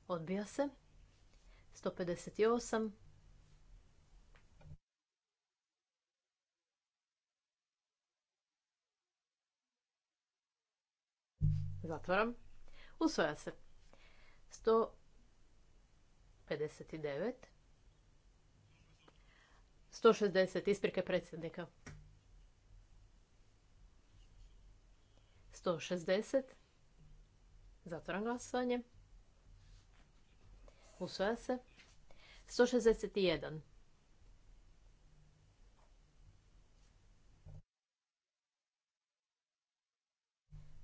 Odbija se. 158. Zatvaram. Usvoja se. 159. 160. Isprike predsjednika. 160. Zatvoram glasovanje. Usvoja se. 161.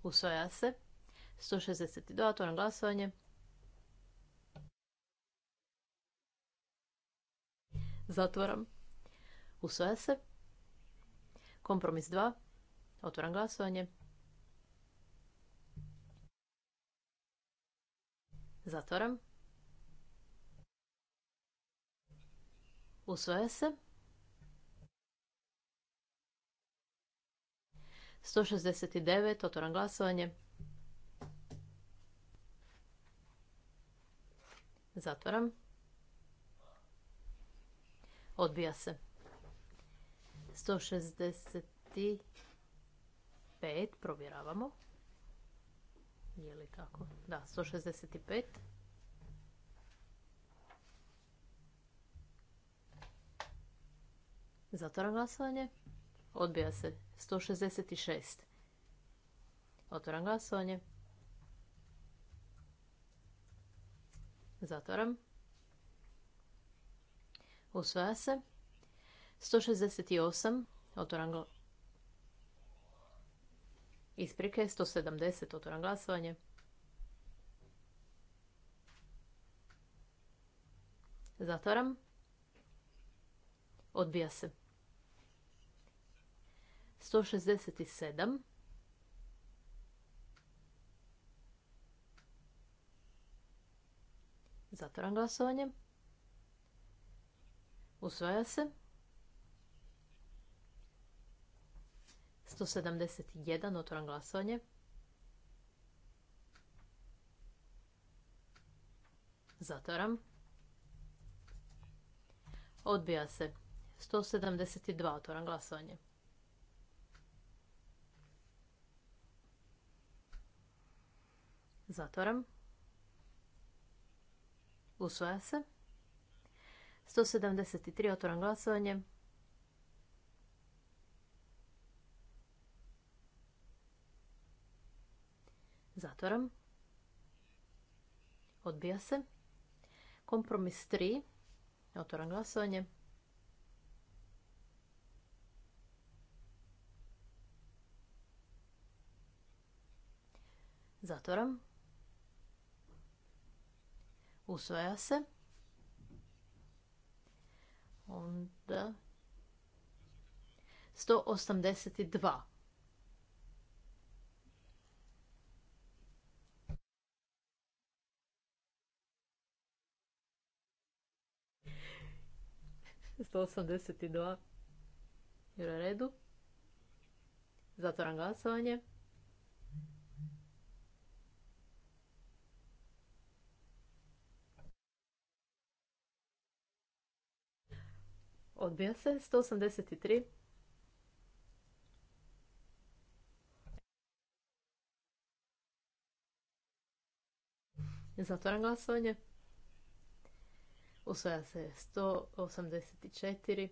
Usvaja se. 162. Otvoram glasovanje. Zatvoram. Usvaja se. Kompromis 2. Otvoram glasovanje. Zatvoram. Usvaja se. 169. Otvoram glasovanje. Zatvaram. Odbija se. 165. Provjeravamo. Je li Da, 165. Zatvaram glasovanje. Odbija se. 166. Otvaram glasovanje. Zatvaram. Usvaja se. 168. Otvoram glasovanje. Isprike. 170. Otvoram glasovanje. Zatvaram. Odbija se. 167. Zatvoram glasovanje. Usvaja se. 171. Otvoram glasovanje. Zatvoram. Odbija se. 172. Otvoram glasovanje. Zatvoram. Usvaja se. 173. Otvoram glasovanje. Zatvoram. Odbija se. Kompromis 3. Otvoram glasovanje. Zatvoram. Usvaja se. Onda... 182. 182. jer redu. Zatvoram glasovanje. Odbija se. 183. Zatvoram glasovanje. Usvaja se 184.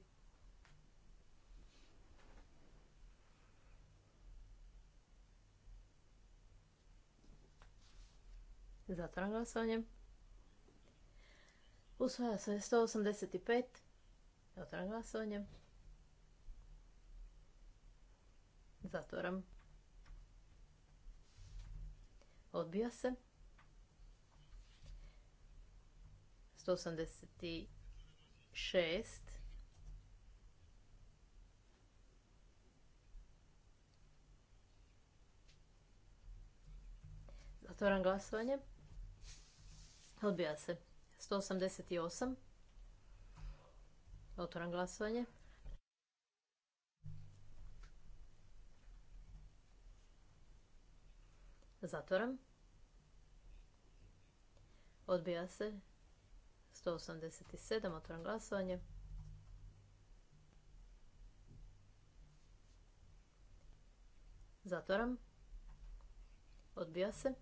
Zatvoram glasovanje. Usvaja se 185. Otvaram glasovanje. Zatvoram. Odbija se. 186. Zatvoram glasovanje. Odbija se. 188. Otvoram glasovanje. Zatvoram. Odbija se. 187. Otvoram glasovanje. Zatvoram. Odbija se.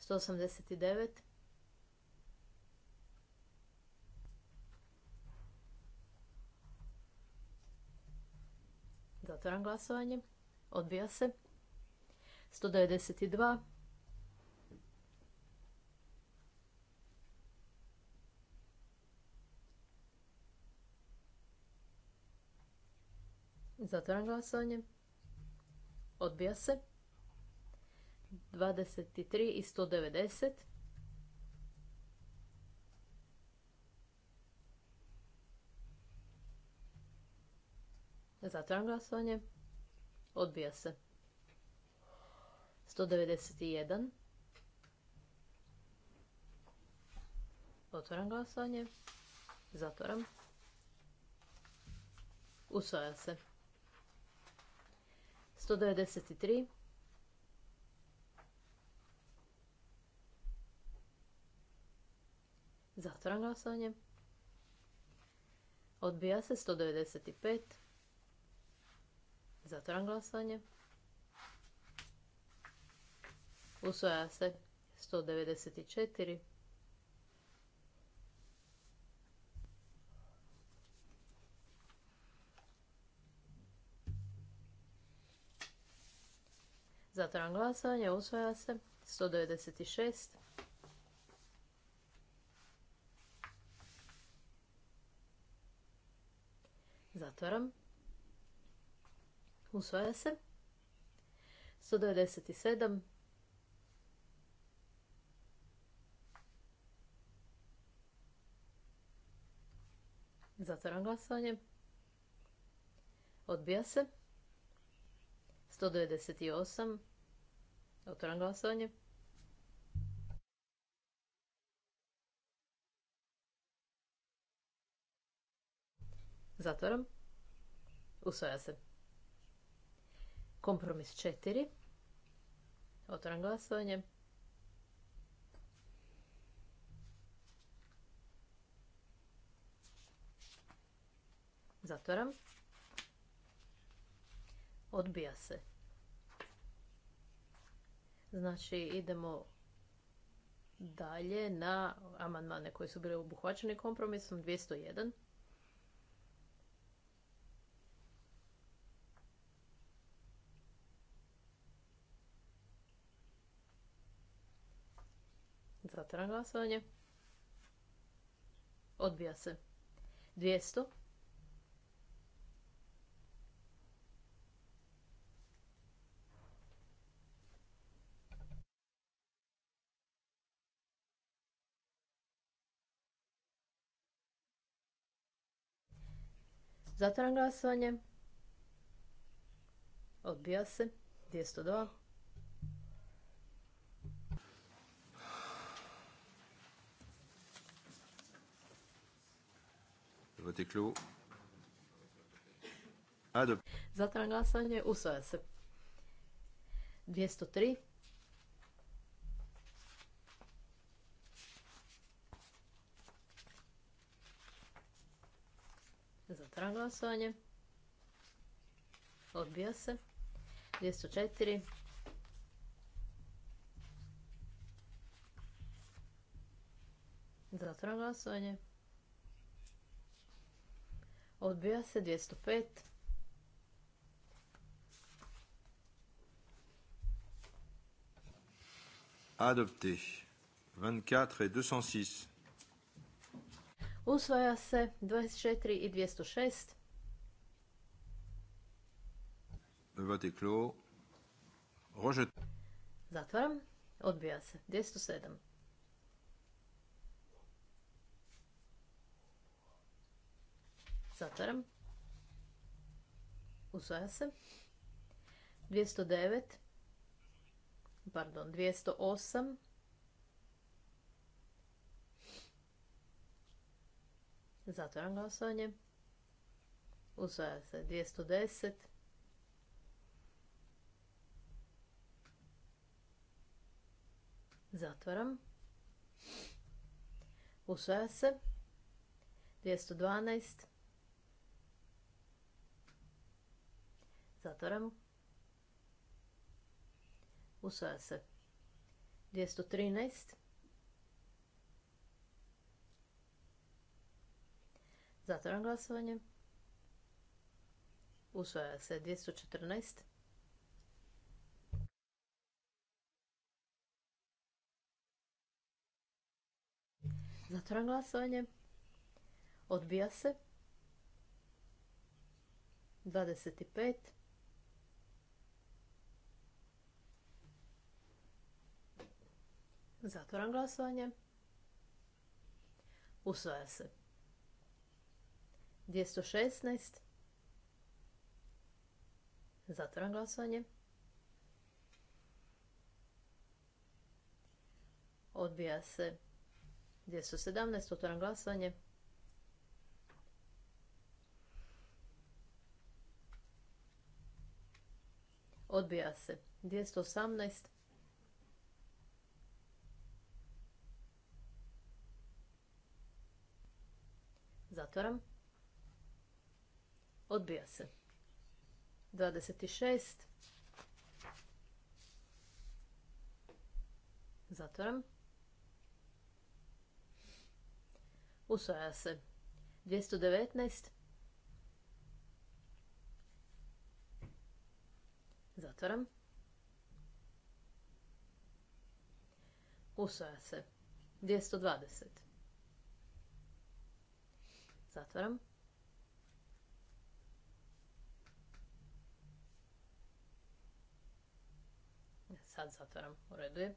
189. Zatvaram glasovanje. Odbija se. 192. Zatvoram glasovanje. Odbija se. 23 i 190. Zatvaram glasovanje. Odbija se. 191. Otvaram glasovanje. Zatvaram. Usvaja se. 193. Zatvaram glasovanje. Odbija se 195. Zatvoram glasovanje. Usvaja se 194. Zatvoram glasanje Usvaja se 196. Zatvoram. Usvaja se. 197. Zatvaram glasovanje. Odbija se. 198. Otvaram glasovanje. zatvaram Usvaja se. Kompromis 4. Otvoram glasovanje. Zatvoram. Odbija se. Znači idemo dalje na amandmane koji su bili obuhvaćeni kompromisom 201. Zatvaram glasovanje. Odbija se. 200. Zatvaram glasovanje. Odbija se. 202. Vote est clos. Zatvaram glasanje. Usvaja se. 203. Zatvaram glasovanje. Odbija se. 204. Zatvaram glasovanje. Odbija se 205. Adopté. 24 et 206. Usvaja se 24 i 206. Le vote est clos. Rejeté. Zatvaram. Odbija se. 207. Zatvaram. Usvaja se. 209. Pardon, 208. Zatvaram glasovanje. Usvaja se 210. Zatvaram. Usvaja se 212. Zatvaram. Usvaja se. 213. Zatvaram glasovanje. Usvaja se 214. Zatvoram glasovanje. Odbija se. 25. Zatvoram glasovanje. Usvaja se. 216. Zatvoram glasovanje. Odbija se. 217. Otvoram glasovanje. Odbija se. 218. Zatvaram. Odbija se. 26. Zatvaram. Usvaja se. 219. Zatvaram. Usvaja se. 220. Zatvaram. Sad zatvaram, u redu je.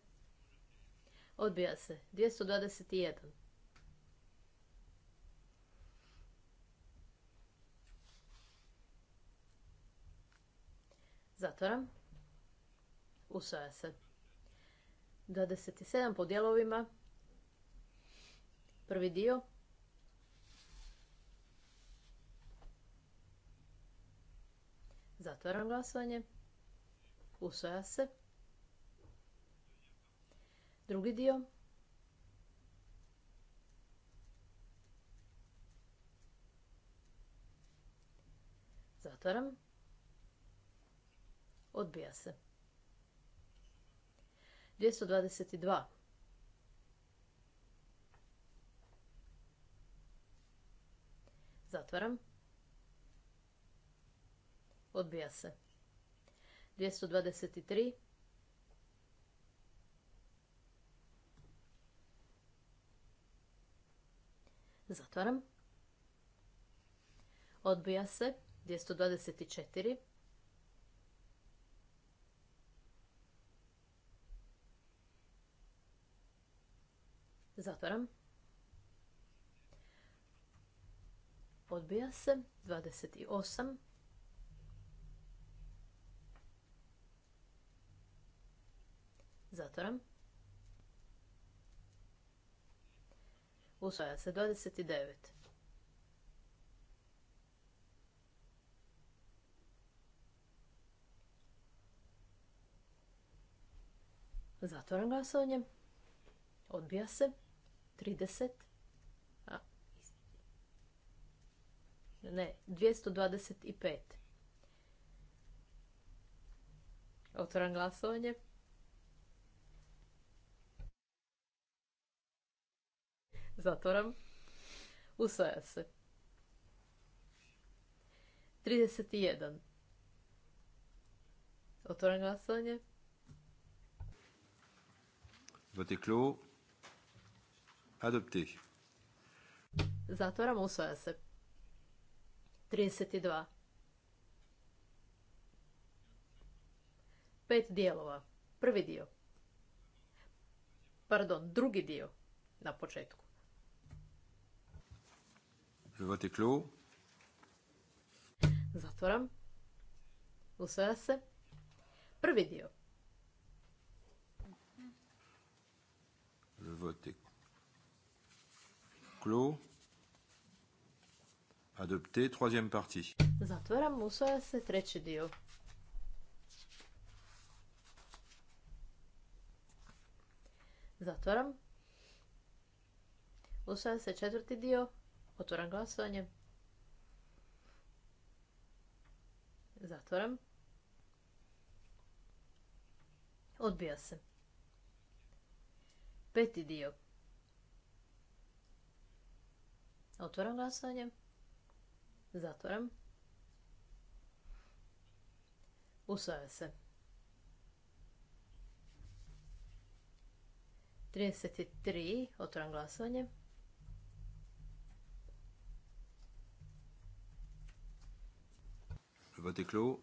Odbija se. 221. Zatvaram. Usvaja se. 27 po dijelovima. Prvi dio. Zatvaram glasovanje. Usvaja se. Drugi dio. Zatvaram. Odbija se. 222. Zatvaram. Odbija se. 223. Zatvaram. Odbija se. 224. Zatvaram. Odbija se. 28. Zatvoram. Usvaja se 29. Zatvoram glasovanje. Odbija se. 30. ne, 225. Otvoram glasovanje. Zatvoram. Usvaja se. 31. Otvoram glasovanje. Voti clos. Adopté. Zatvoram, usvaja se. 32. Pet dijelova. Prvi dio. Pardon, drugi dio na početku. Le vote est clos. Zatvoram. Usvaja se. Prvi dio. Le vote est clos. Adopté. Troisième partie. Zatvoram. Usvaja se. Treći dio. Zatvoram. Usvaja se četvrti dio. Otvoram glasovanje. Zatvoram. Odbija se. Peti dio. Otvoram glasovanje. Zatvoram. Usvaja se. 33. Otvoram glasovanje. Le vote est clos.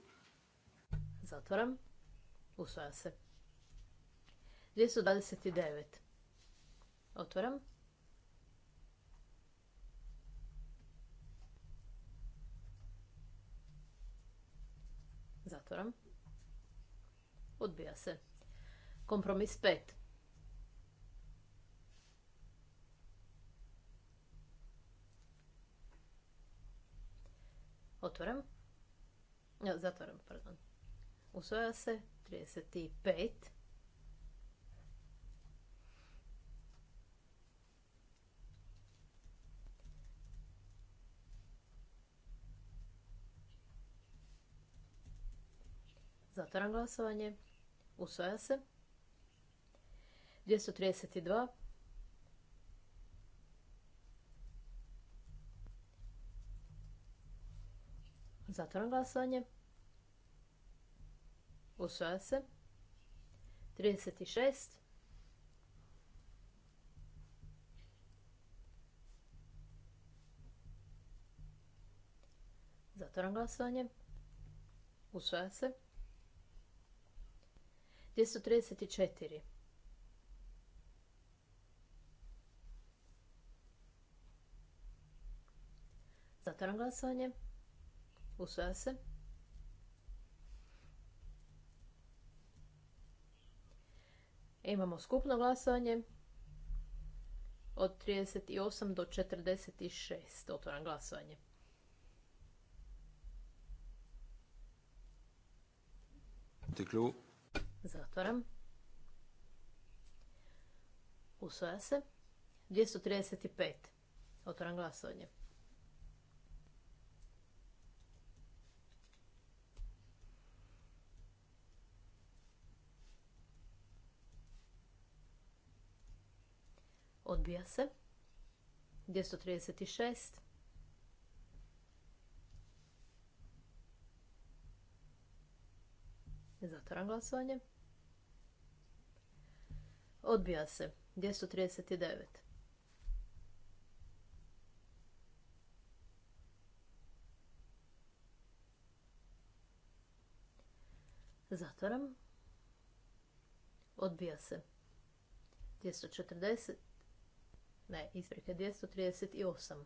Zatvoram. Usvaja se. 229. Otvaram. Zatvaram. Odbija se. Kompromis 5. Otvoram. Zatvaram, pardon. Usvaja se 35. Zatvaram glasovanje. Usvaja se. 232. Zatvoram glasovanje. Usvaja se. 36. Zatvoram glasovanje. Usvaja se. 234. Zatvoram glasovanje. Usvaja se. Imamo skupno glasovanje od 38 do 46. Otvoram glasovanje. Tiklu. Zatvaram. Usvaja se. 235. Otvoram glasovanje. Odbija se. 236. Zatvaram glasovanje. Odbija se. 239. Zatvaram. Odbija se. 240. Ne, isprike, 238.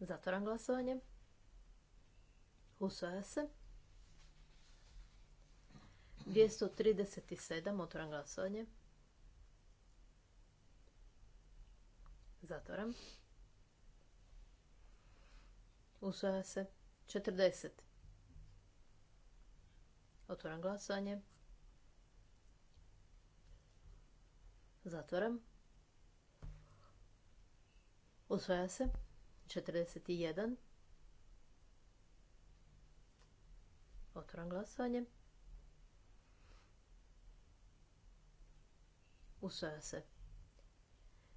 Zatvoram glasovanje. Usvaja se. 237. Otvoram glasovanje. Zatvoram. Usvaja se. 40. Otvoram glasovanje. Zatvaram. Usvaja se. 41. Otvoram glasovanje. Usvaja se.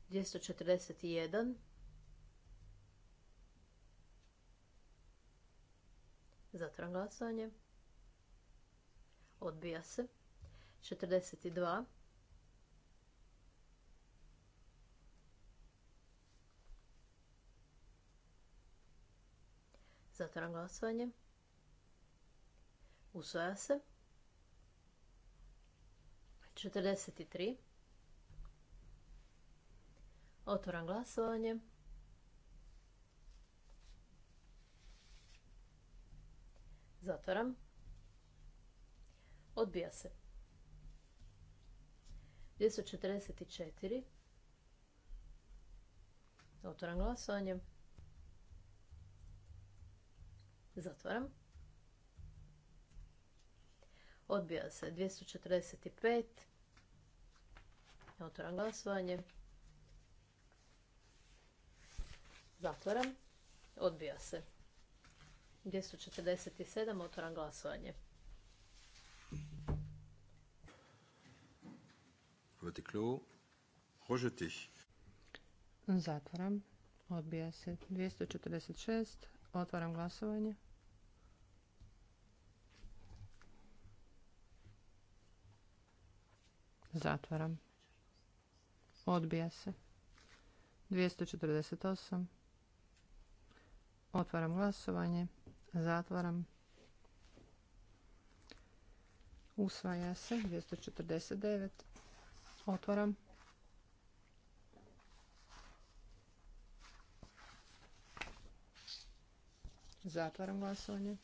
241. Zatvoram glasovanje. Odbija se. 42. Zatvaram glasovanje. Usvaja se. 43. Otvoram glasovanje. Zatvaram. Odbija se. 244. Otvoram glasovanje. Zatvaram. Odbija se 245. Otvaram glasovanje. Zatvaram. Odbija se. 247. Otvoram glasovanje. Vote clos. Zatvaram. Odbija se. 246. Otvaram glasovanje. Zatvaram. Odbija se. 248. Otvaram glasovanje. Zatvaram. Usvaja se. 249. Otvaram. Zatvaram glasovanje.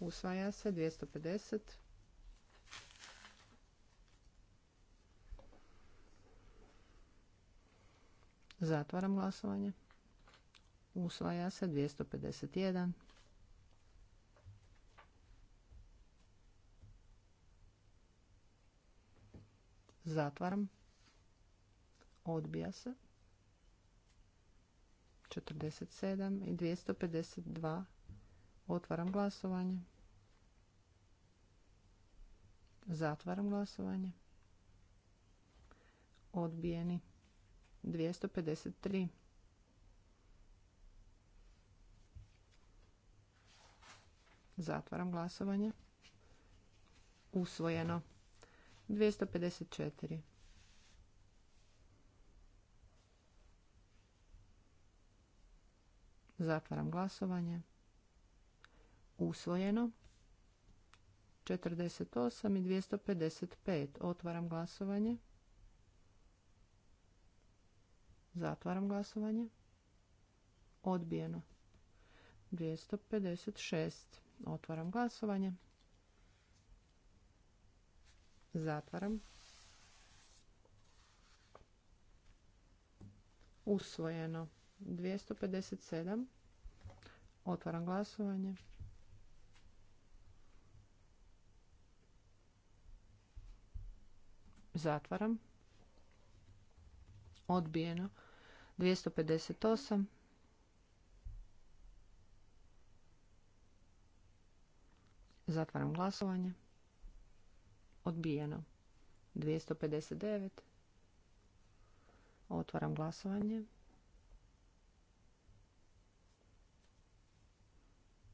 Usvaja se. 250. Zatvaram glasovanje. Usvaja se 251. Zatvaram. Odbija se. 47 i 252. Otvaram glasovanje. Zatvaram glasovanje. Odbijeni. 253. Zatvaram glasovanje. Usvojeno. 254. Zatvaram glasovanje. Usvojeno. 48 i 255. Otvaram glasovanje. Zatvaram glasovanje. Odbijeno. 256. Otvaram glasovanje. Zatvaram. Usvojeno. 257. Otvaram glasovanje. Zatvaram. Odbijeno. 258. Zatvaram glasovanje. Odbijeno. 259. Otvaram glasovanje.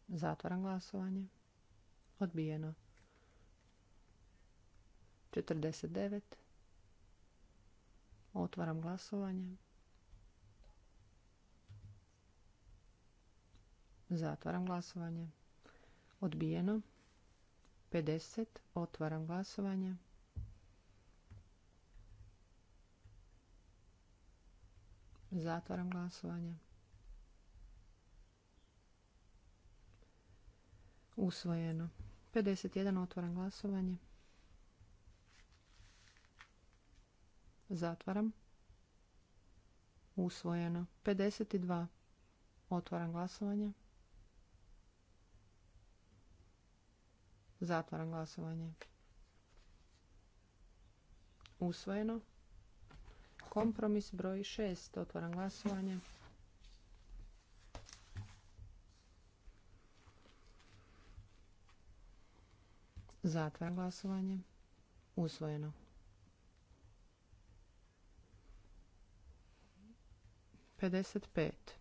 Zatvaram glasovanje. Odbijeno. 49. Otvaram glasovanje. Zatvaram glasovanje. Odbijeno. 50. Otvaram glasovanje. Zatvaram glasovanje. Usvojeno. 51. Otvaram glasovanje. Zatvaram. Usvojeno. 52. Otvaram glasovanje. Zatvaram glasovanje. Usvojeno. Kompromis broj 6. Otvaram glasovanje. Zatvaram glasovanje. Usvojeno. Pedeset pet.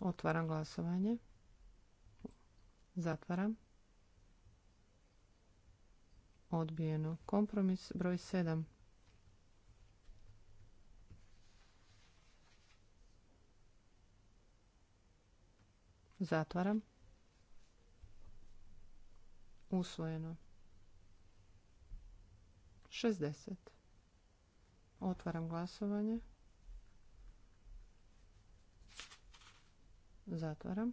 Otvaram glasovanje. Zatvaram odbijeno. Kompromis broj 7. Zatvaram. Usvojeno. 60. Otvaram glasovanje. Zatvaram.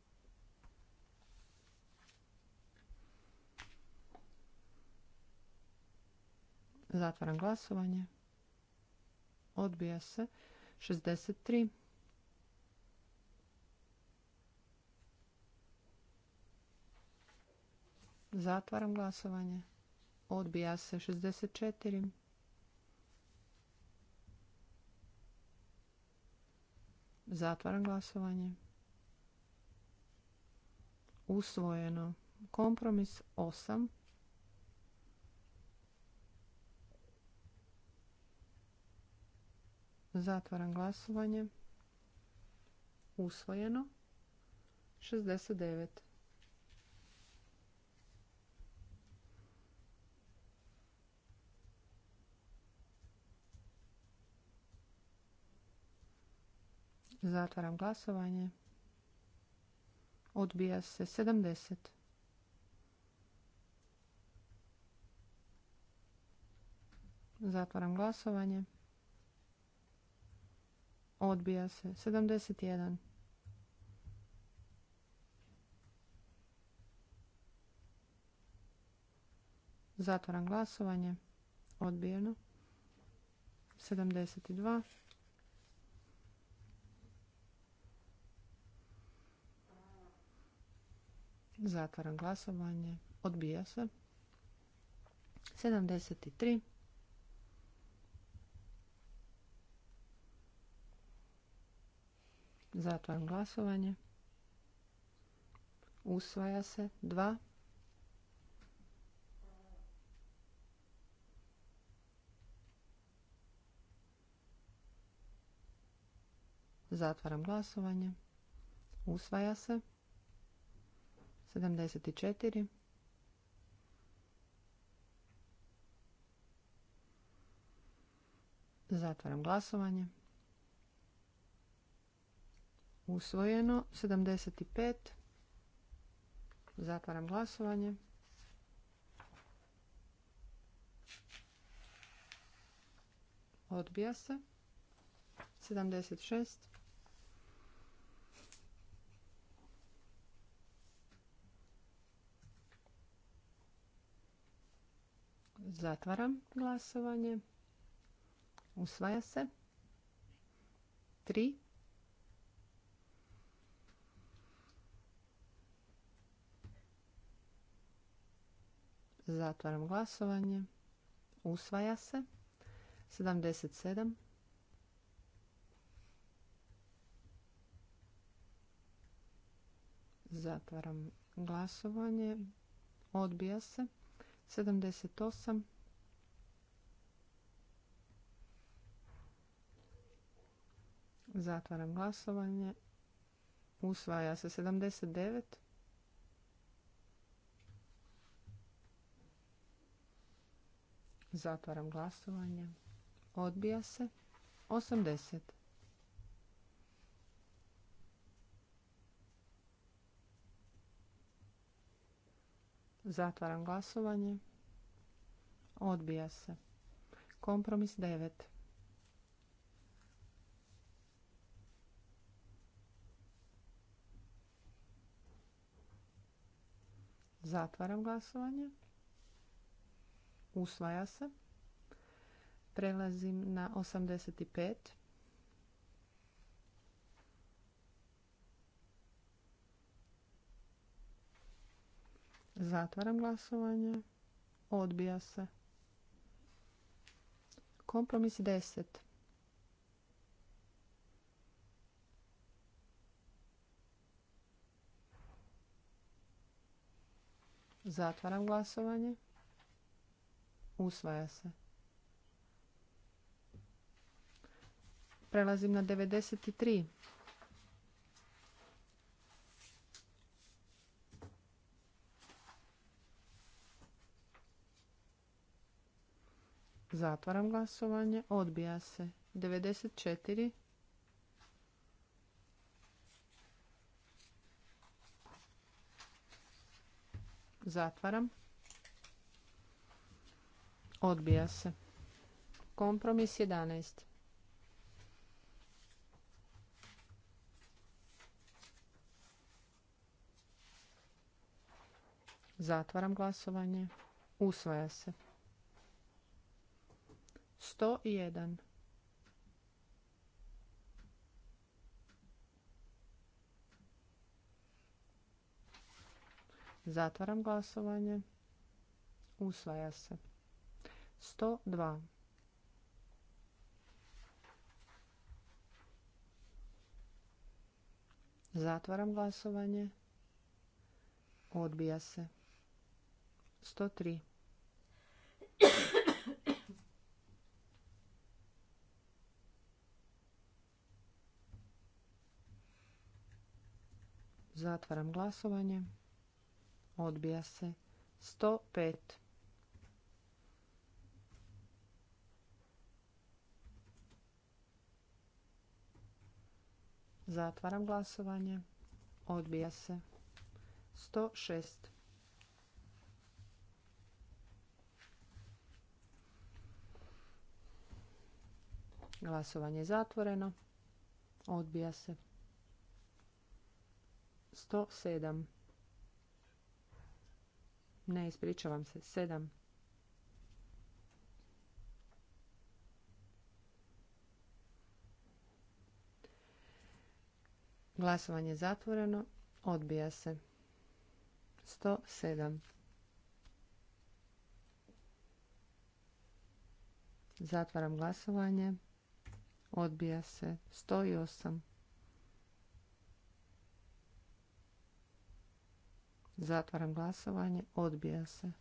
Zatvaram glasovanje. Odbija se. 63. Zatvaram glasovanje. Odbija se 64. Zatvaram glasovanje. Usvojeno. Kompromis 8. Zatvaram glasovanje. Usvojeno. 69. Zatvaram glasovanje. Odbija se 70. Zatvaram glasovanje. Odbija se. 71. Zatvoram glasovanje. Odbijeno. 72. Zatvaram glasovanje. Odbija se. 73. Zatvaram glasovanje. Usvaja se. Dva. Zatvaram glasovanje. Usvaja se. 74. Zatvaram glasovanje usvojeno 75 zatvaram glasovanje odbija se 76 zatvaram glasovanje usvaja se 3 Zatvaram glasovanje. Usvaja se. 77. Zatvaram glasovanje. Odbija se. 78. Zatvaram glasovanje. Usvaja se 79. Zatvaram glasovanje. Odbija se. 80. Zatvaram glasovanje. Odbija se. Kompromis 9. Zatvaram glasovanje usvaja se. Prelazim na 85. Zatvaram glasovanje. Odbija se. Kompromis 10. Zatvaram glasovanje. Usvaja se. Prelazim na 93. Zatvaram glasovanje. Odbija se. 94. Zatvaram. Odbija se. Kompromis 11. Zatvaram glasovanje. Usvaja se. 101. Zatvaram glasovanje. Usvaja se. 102. Zatvaram glasovanje. Odbija se. 103. Zatvaram glasovanje. Odbija se. 105. Zatvaram glasovanje. Odbija se. 106. Glasovanje je zatvoreno. Odbija se. 107. Ne, ispričavam se. 7. Glasovanje zatvoreno. Odbija se. 107. Zatvaram glasovanje. Odbija se. 108. Zatvaram glasovanje. Odbija se.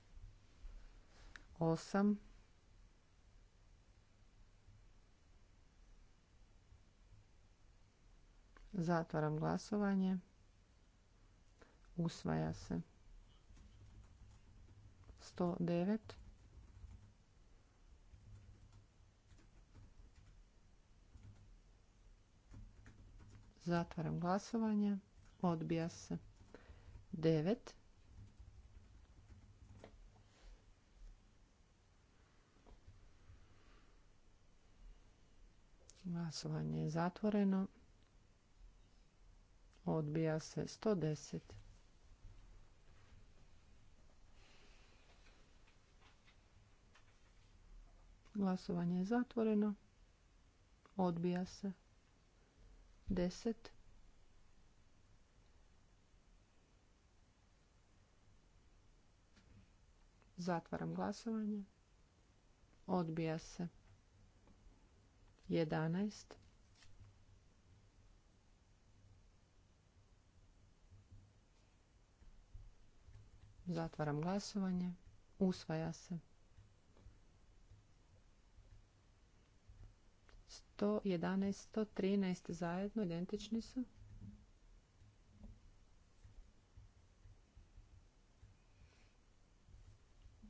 8. Zatvaram glasovanje. Usvaja se. 109. Zatvaram glasovanje. Odbija se. 9. Glasovanje je zatvoreno odbija se 110 glasovanje je zatvoreno odbija se 10 zatvaram glasovanje odbija se 11 Zatvaram glasovanje. Usvaja se. 111, 113 zajedno, identični su.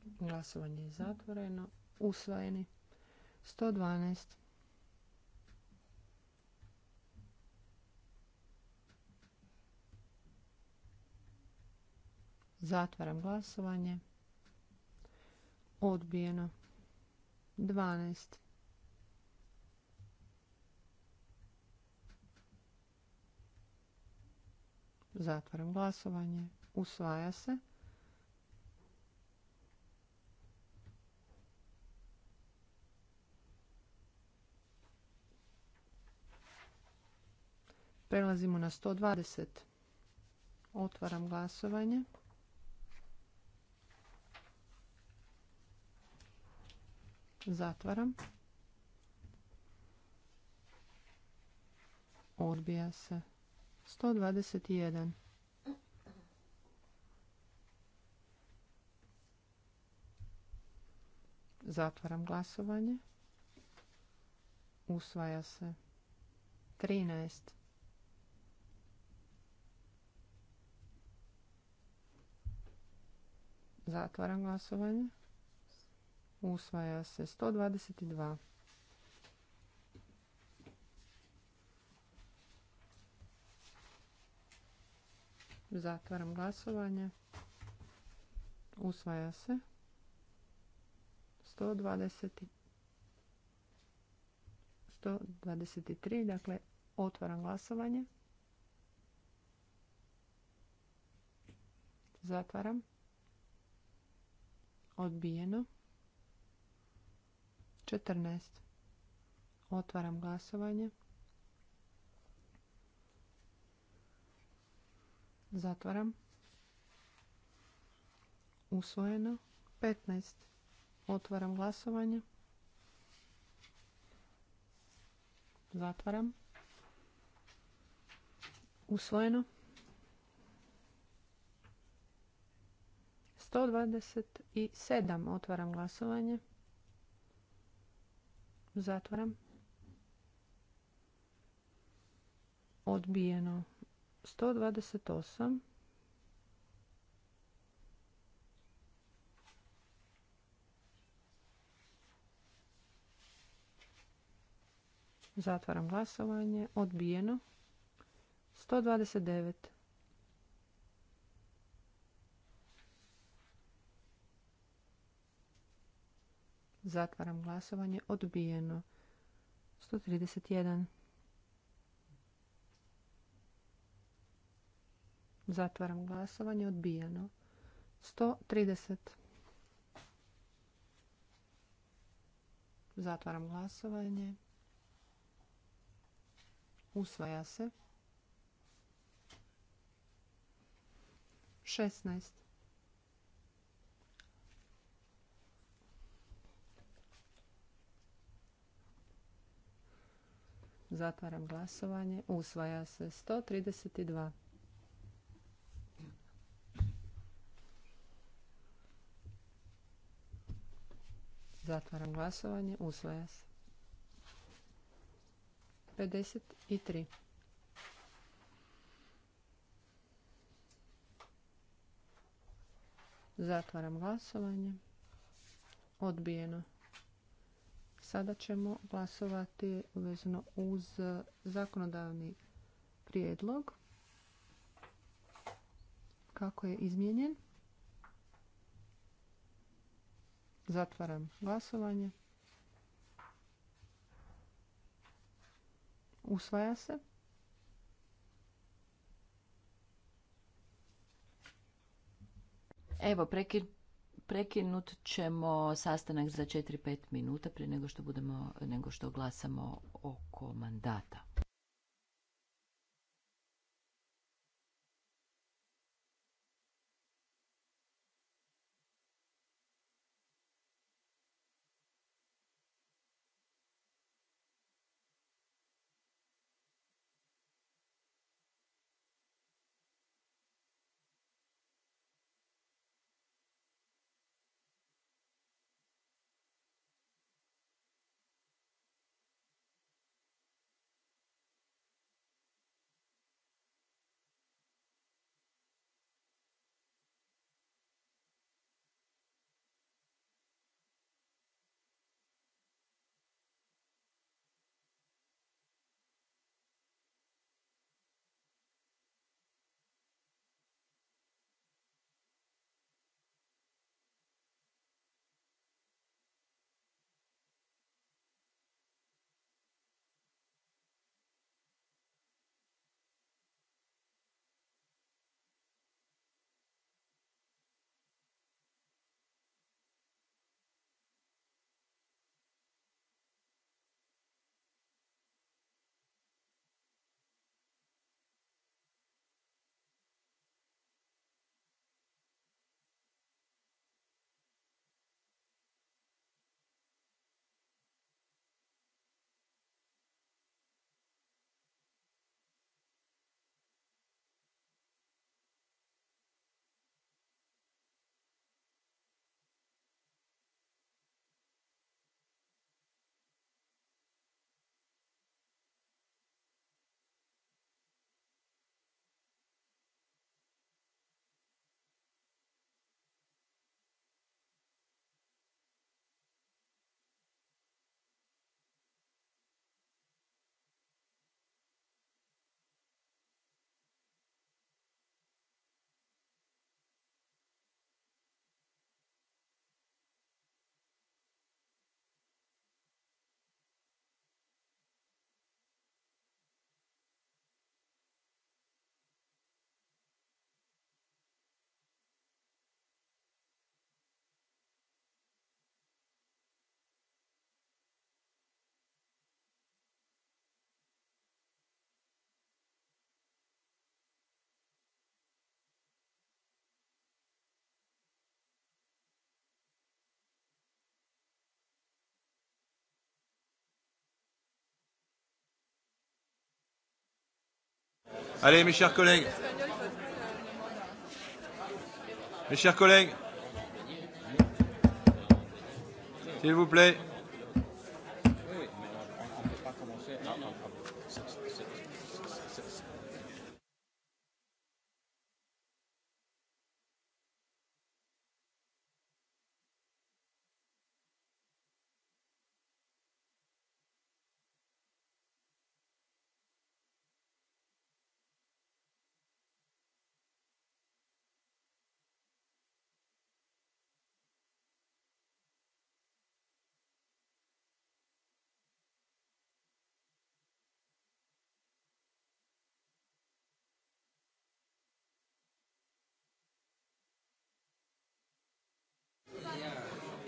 Glasovanje je zatvoreno. Usvojeni. 112. Zatvaram glasovanje. Odbijeno. 12. Zatvaram glasovanje. Usvaja se. Prelazimo na 120. Otvaram glasovanje. Zatvaram. Odbija se. 121. Zatvaram glasovanje. Usvaja se. 13. Zatvaram glasovanje. Usvaja se 122. Zatvaram glasovanje. Usvaja se. 120. 123. Dakle, otvaram glasovanje. Zatvaram. Odbijeno. 14. Otvaram glasovanje. Zatvaram. Usvojeno. 15. Otvaram glasovanje. Zatvaram. Usvojeno. 127. Otvaram glasovanje. Zatvaram. Odbijeno. 128. Zatvaram glasovanje. Odbijeno. 129. Zatvaram glasovanje. Odbijeno. 131. Zatvaram glasovanje. Odbijeno. 130. Zatvaram glasovanje. Usvaja se. 16. Zatvaram glasovanje. Usvaja se 132. Zatvaram glasovanje. Usvaja se. 53. Zatvaram glasovanje. Odbijeno. Sada ćemo glasovati vezano uz zakonodavni prijedlog kako je izmijenjen. Zatvaram glasovanje. Usvaja se. Evo, prekid Prekinut ćemo sastanak za 4-5 minuta prije nego što budemo nego što glasamo oko mandata. Allez, mes chers collègues. Mes chers collègues. S'il vous plaît.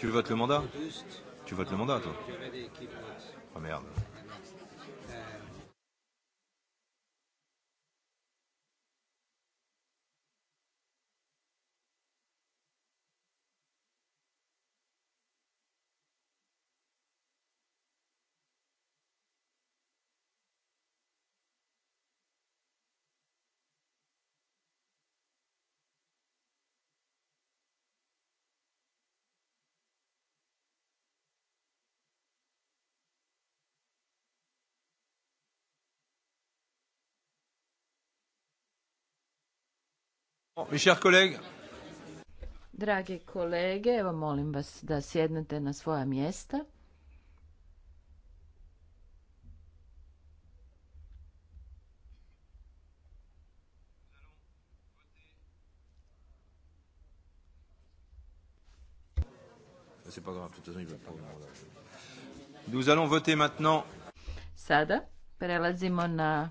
Tu votes le mandat Tu votes le mandat, toi Oh merde. Dragi kolege, evo molim vas da sjednete na svoja mjesta. Nous allons Sada prelazimo na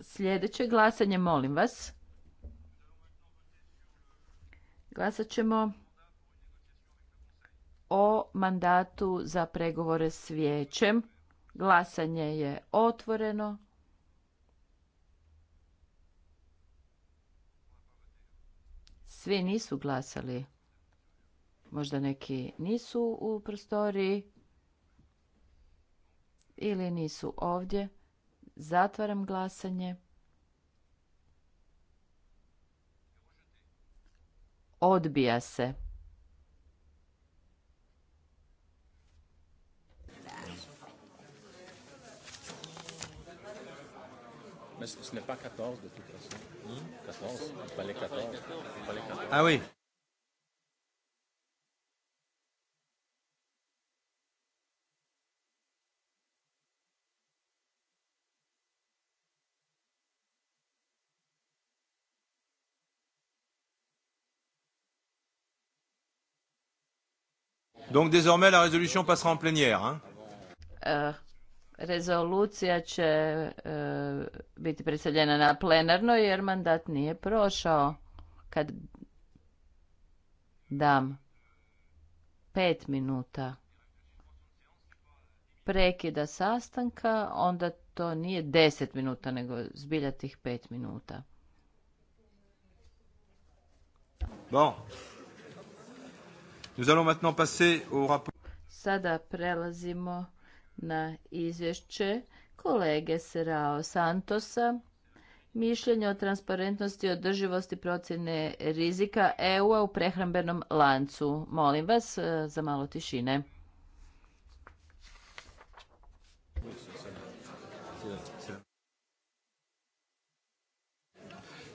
sljedeće glasanje, molim vas. Glasat ćemo o mandatu za pregovore s vijećem. Glasanje je otvoreno. Svi nisu glasali. Možda neki nisu u prostoriji ili nisu ovdje. Zatvaram glasanje. Odbija se. Mais ce n'est pas 14 de toute façon. Hmm? 14, il fallait 14. Il fallait 14. Ah oui. Donc désormais la résolution passera en plénière. Hein? Euh, rezolucija će euh, biti predstavljena na plenarno jer mandat nije prošao. Kad dam pet minuta prekida sastanka, onda to nije deset minuta, nego zbilja tih pet minuta. Bon. Nous allons maintenant passer au rapport. Sada prelazimo na izvješće kolege Serao Santosa. Mišljenje o transparentnosti i održivosti procjene rizika eu u prehrambenom lancu. Molim vas e, za malo tišine.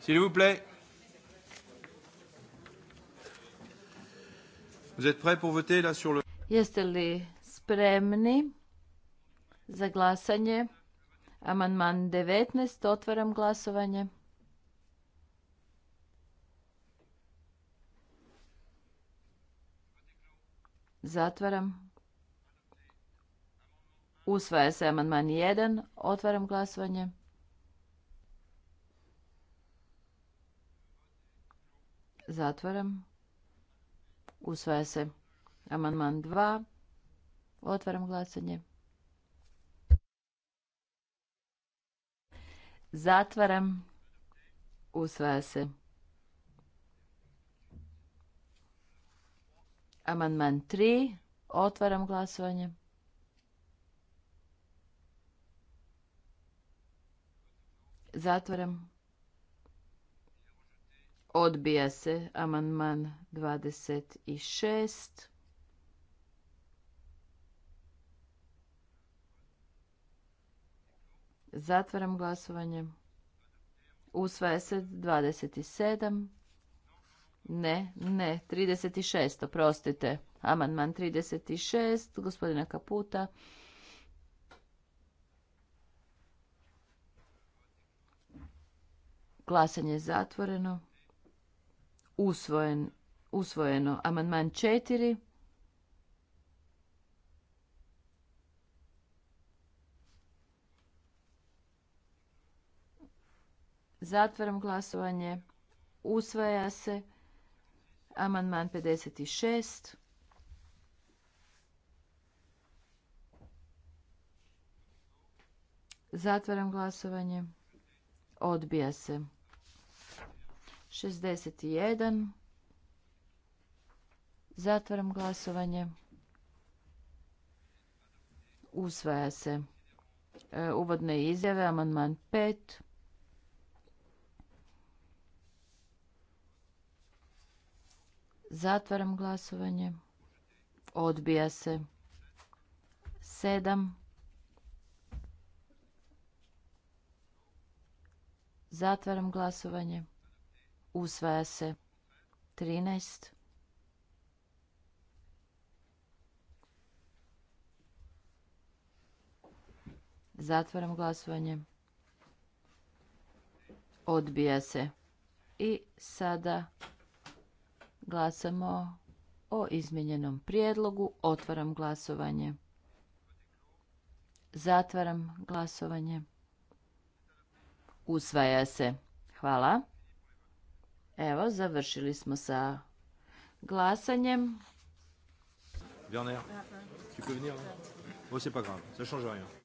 S'il vous plaît. Jeste li spremni za glasanje? Amandman 19, otvaram glasovanje. Zatvaram. Usvaja se amandman 1, otvaram glasovanje. Zatvaram. Usvaja se. Amandman 2. Otvaram glasanje. Zatvaram. Usvaja se. Amandman 3. Otvaram glasovanje. Zatvaram. Odbija se amandman 26. Zatvaram glasovanje. Usvaja se 27. Ne, ne, 36. oprostite Amandman 36. Gospodina Kaputa. Glasanje je zatvoreno usvojen, usvojeno. Amandman četiri. Zatvaram glasovanje. Usvaja se. Amandman 56. Zatvaram glasovanje. Odbija se. 61. Zatvaram glasovanje. Usvaja se. E, uvodne izjave, amandman 5. Zatvaram glasovanje. Odbija se. 7. Zatvaram glasovanje usvaja se. 13. Zatvaram glasovanje. Odbija se. I sada glasamo o izmijenjenom prijedlogu. Otvaram glasovanje. Zatvaram glasovanje. Usvaja se. Hvala. Evo, završili smo sa glasanjem. Werner, tu peux venir. Oh, c'est pas grave, ça change rien.